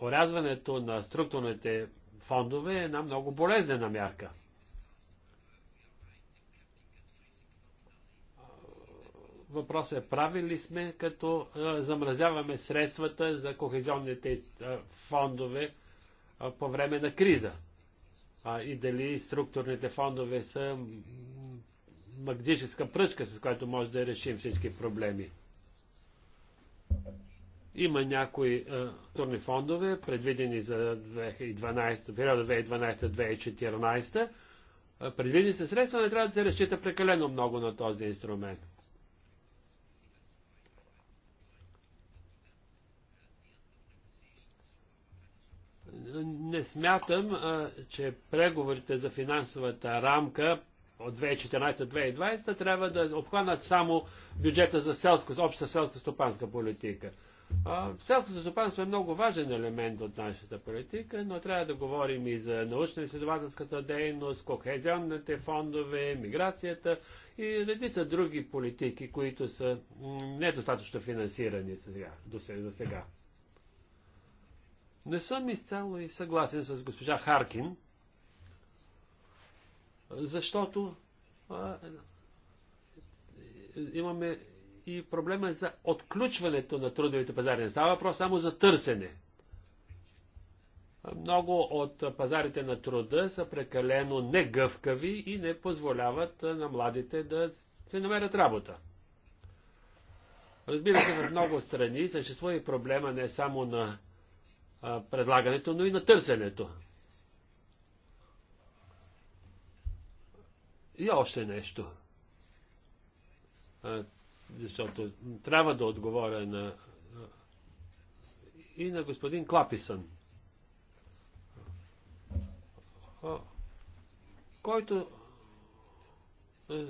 Орязването на структурните фондове е една много болезнена мярка. Въпросът е прави ли сме, като замразяваме средствата за кохезионните фондове по време на криза? А, и дали структурните фондове са магическа пръчка, с която може да решим всички проблеми? Има някои е, турни фондове, предвидени за 2012, периода 2012-2014. Е, предвидени са средства, не трябва да се разчита прекалено много на този инструмент. не смятам, е, че преговорите за финансовата рамка от 2014-2020 трябва да обхванат само бюджета за селско, обща селско-стопанска политика. Селското стопанство е много важен елемент от нашата политика, но трябва да говорим и за научно-изследователската дейност, кохезионните фондове, миграцията и редица други политики, които са недостатъчно финансирани сега, до сега. Не съм изцяло и съгласен с госпожа Харкин, защото а, имаме и проблема е за отключването на трудовите пазари. Не става въпрос само за търсене. Много от пазарите на труда са прекалено негъвкави и не позволяват на младите да се намерят работа. Разбира се, в много страни съществува и проблема не само на предлагането, но и на търсенето. И още нещо защото трябва да отговоря на и на господин Клаписън, който е,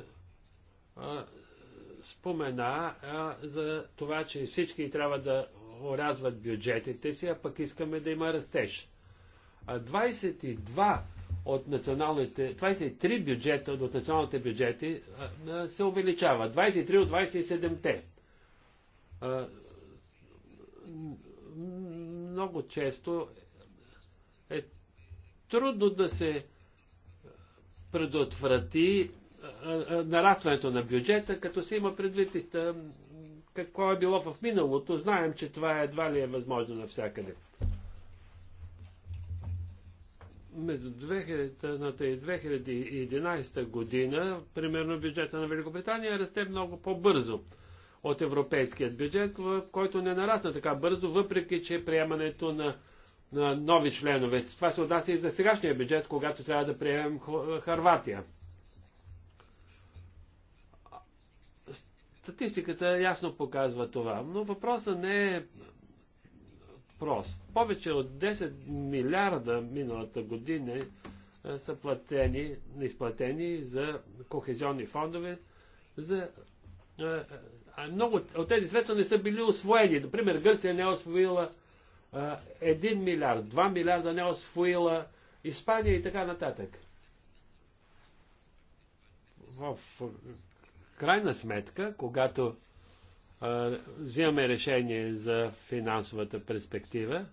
спомена за това, че всички трябва да орязват бюджетите си, а пък искаме да има растеж. А 22 от националните, 23 бюджета от националните бюджети се увеличава. 23 от 27-те. Много често е трудно да се предотврати нарастването на бюджета, като се има предвид какво е било в миналото. Знаем, че това едва ли е възможно навсякъде между 2000-та и 2011 година, примерно бюджета на Великобритания расте много по-бързо от европейският бюджет, в който не нарасна така бързо, въпреки че приемането на, на нови членове. Това се отнася и за сегашния бюджет, когато трябва да приемем Харватия. Статистиката ясно показва това, но въпросът не е прост. Повече от 10 милиарда миналата година е, са платени, изплатени за кохезионни фондове, за а, е, е, а много от тези средства не са били освоени. Например, Гърция не е освоила а, 1 милиард, 2 милиарда не е освоила Испания и така нататък. В крайна сметка, когато взимаме решение за финансовата перспектива,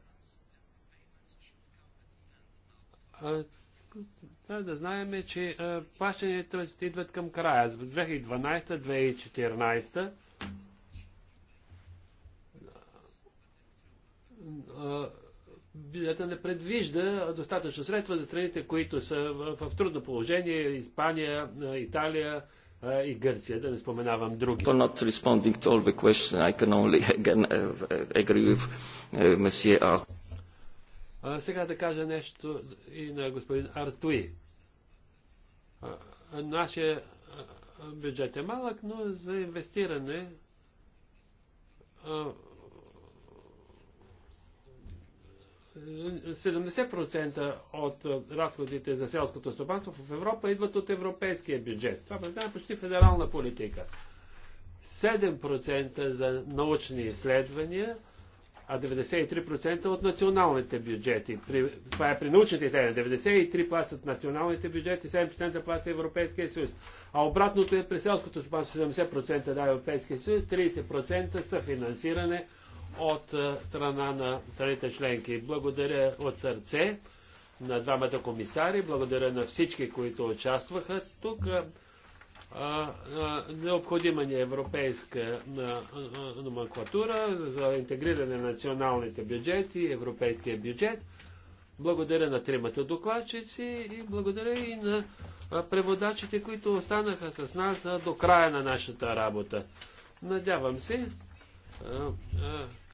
трябва да знаем, че плащанията идват към края. За 2012-2014 бюджета не предвижда достатъчно средства за страните, които са в трудно положение Испания, Италия, и Гърция, да не споменавам други. not responding to all the questions. I can only again uh, uh, agree with uh, Monsieur Art. Сега да кажа нещо и на господин Артуи. Нашия бюджет е малък, но за инвестиране 70% от разходите за селското стопанство в Европа идват от европейския бюджет. Това е почти федерална политика. 7% за научни изследвания, а 93% от националните бюджети. При, това е при научните изследвания. 93% плащат националните бюджети, 7% плаща Европейския съюз. А обратното е при селското стопанство 70% дава Европейския съюз, 30% са финансиране от е, страна на страните членки. Благодаря от сърце на двамата комисари, благодаря на всички, които участваха тук. Е, е, необходима ни европейска номенклатура за интегриране на националните бюджети, европейския бюджет. Благодаря на тримата докладчици и благодаря и на преводачите, които останаха с нас до края на нашата работа. Надявам се,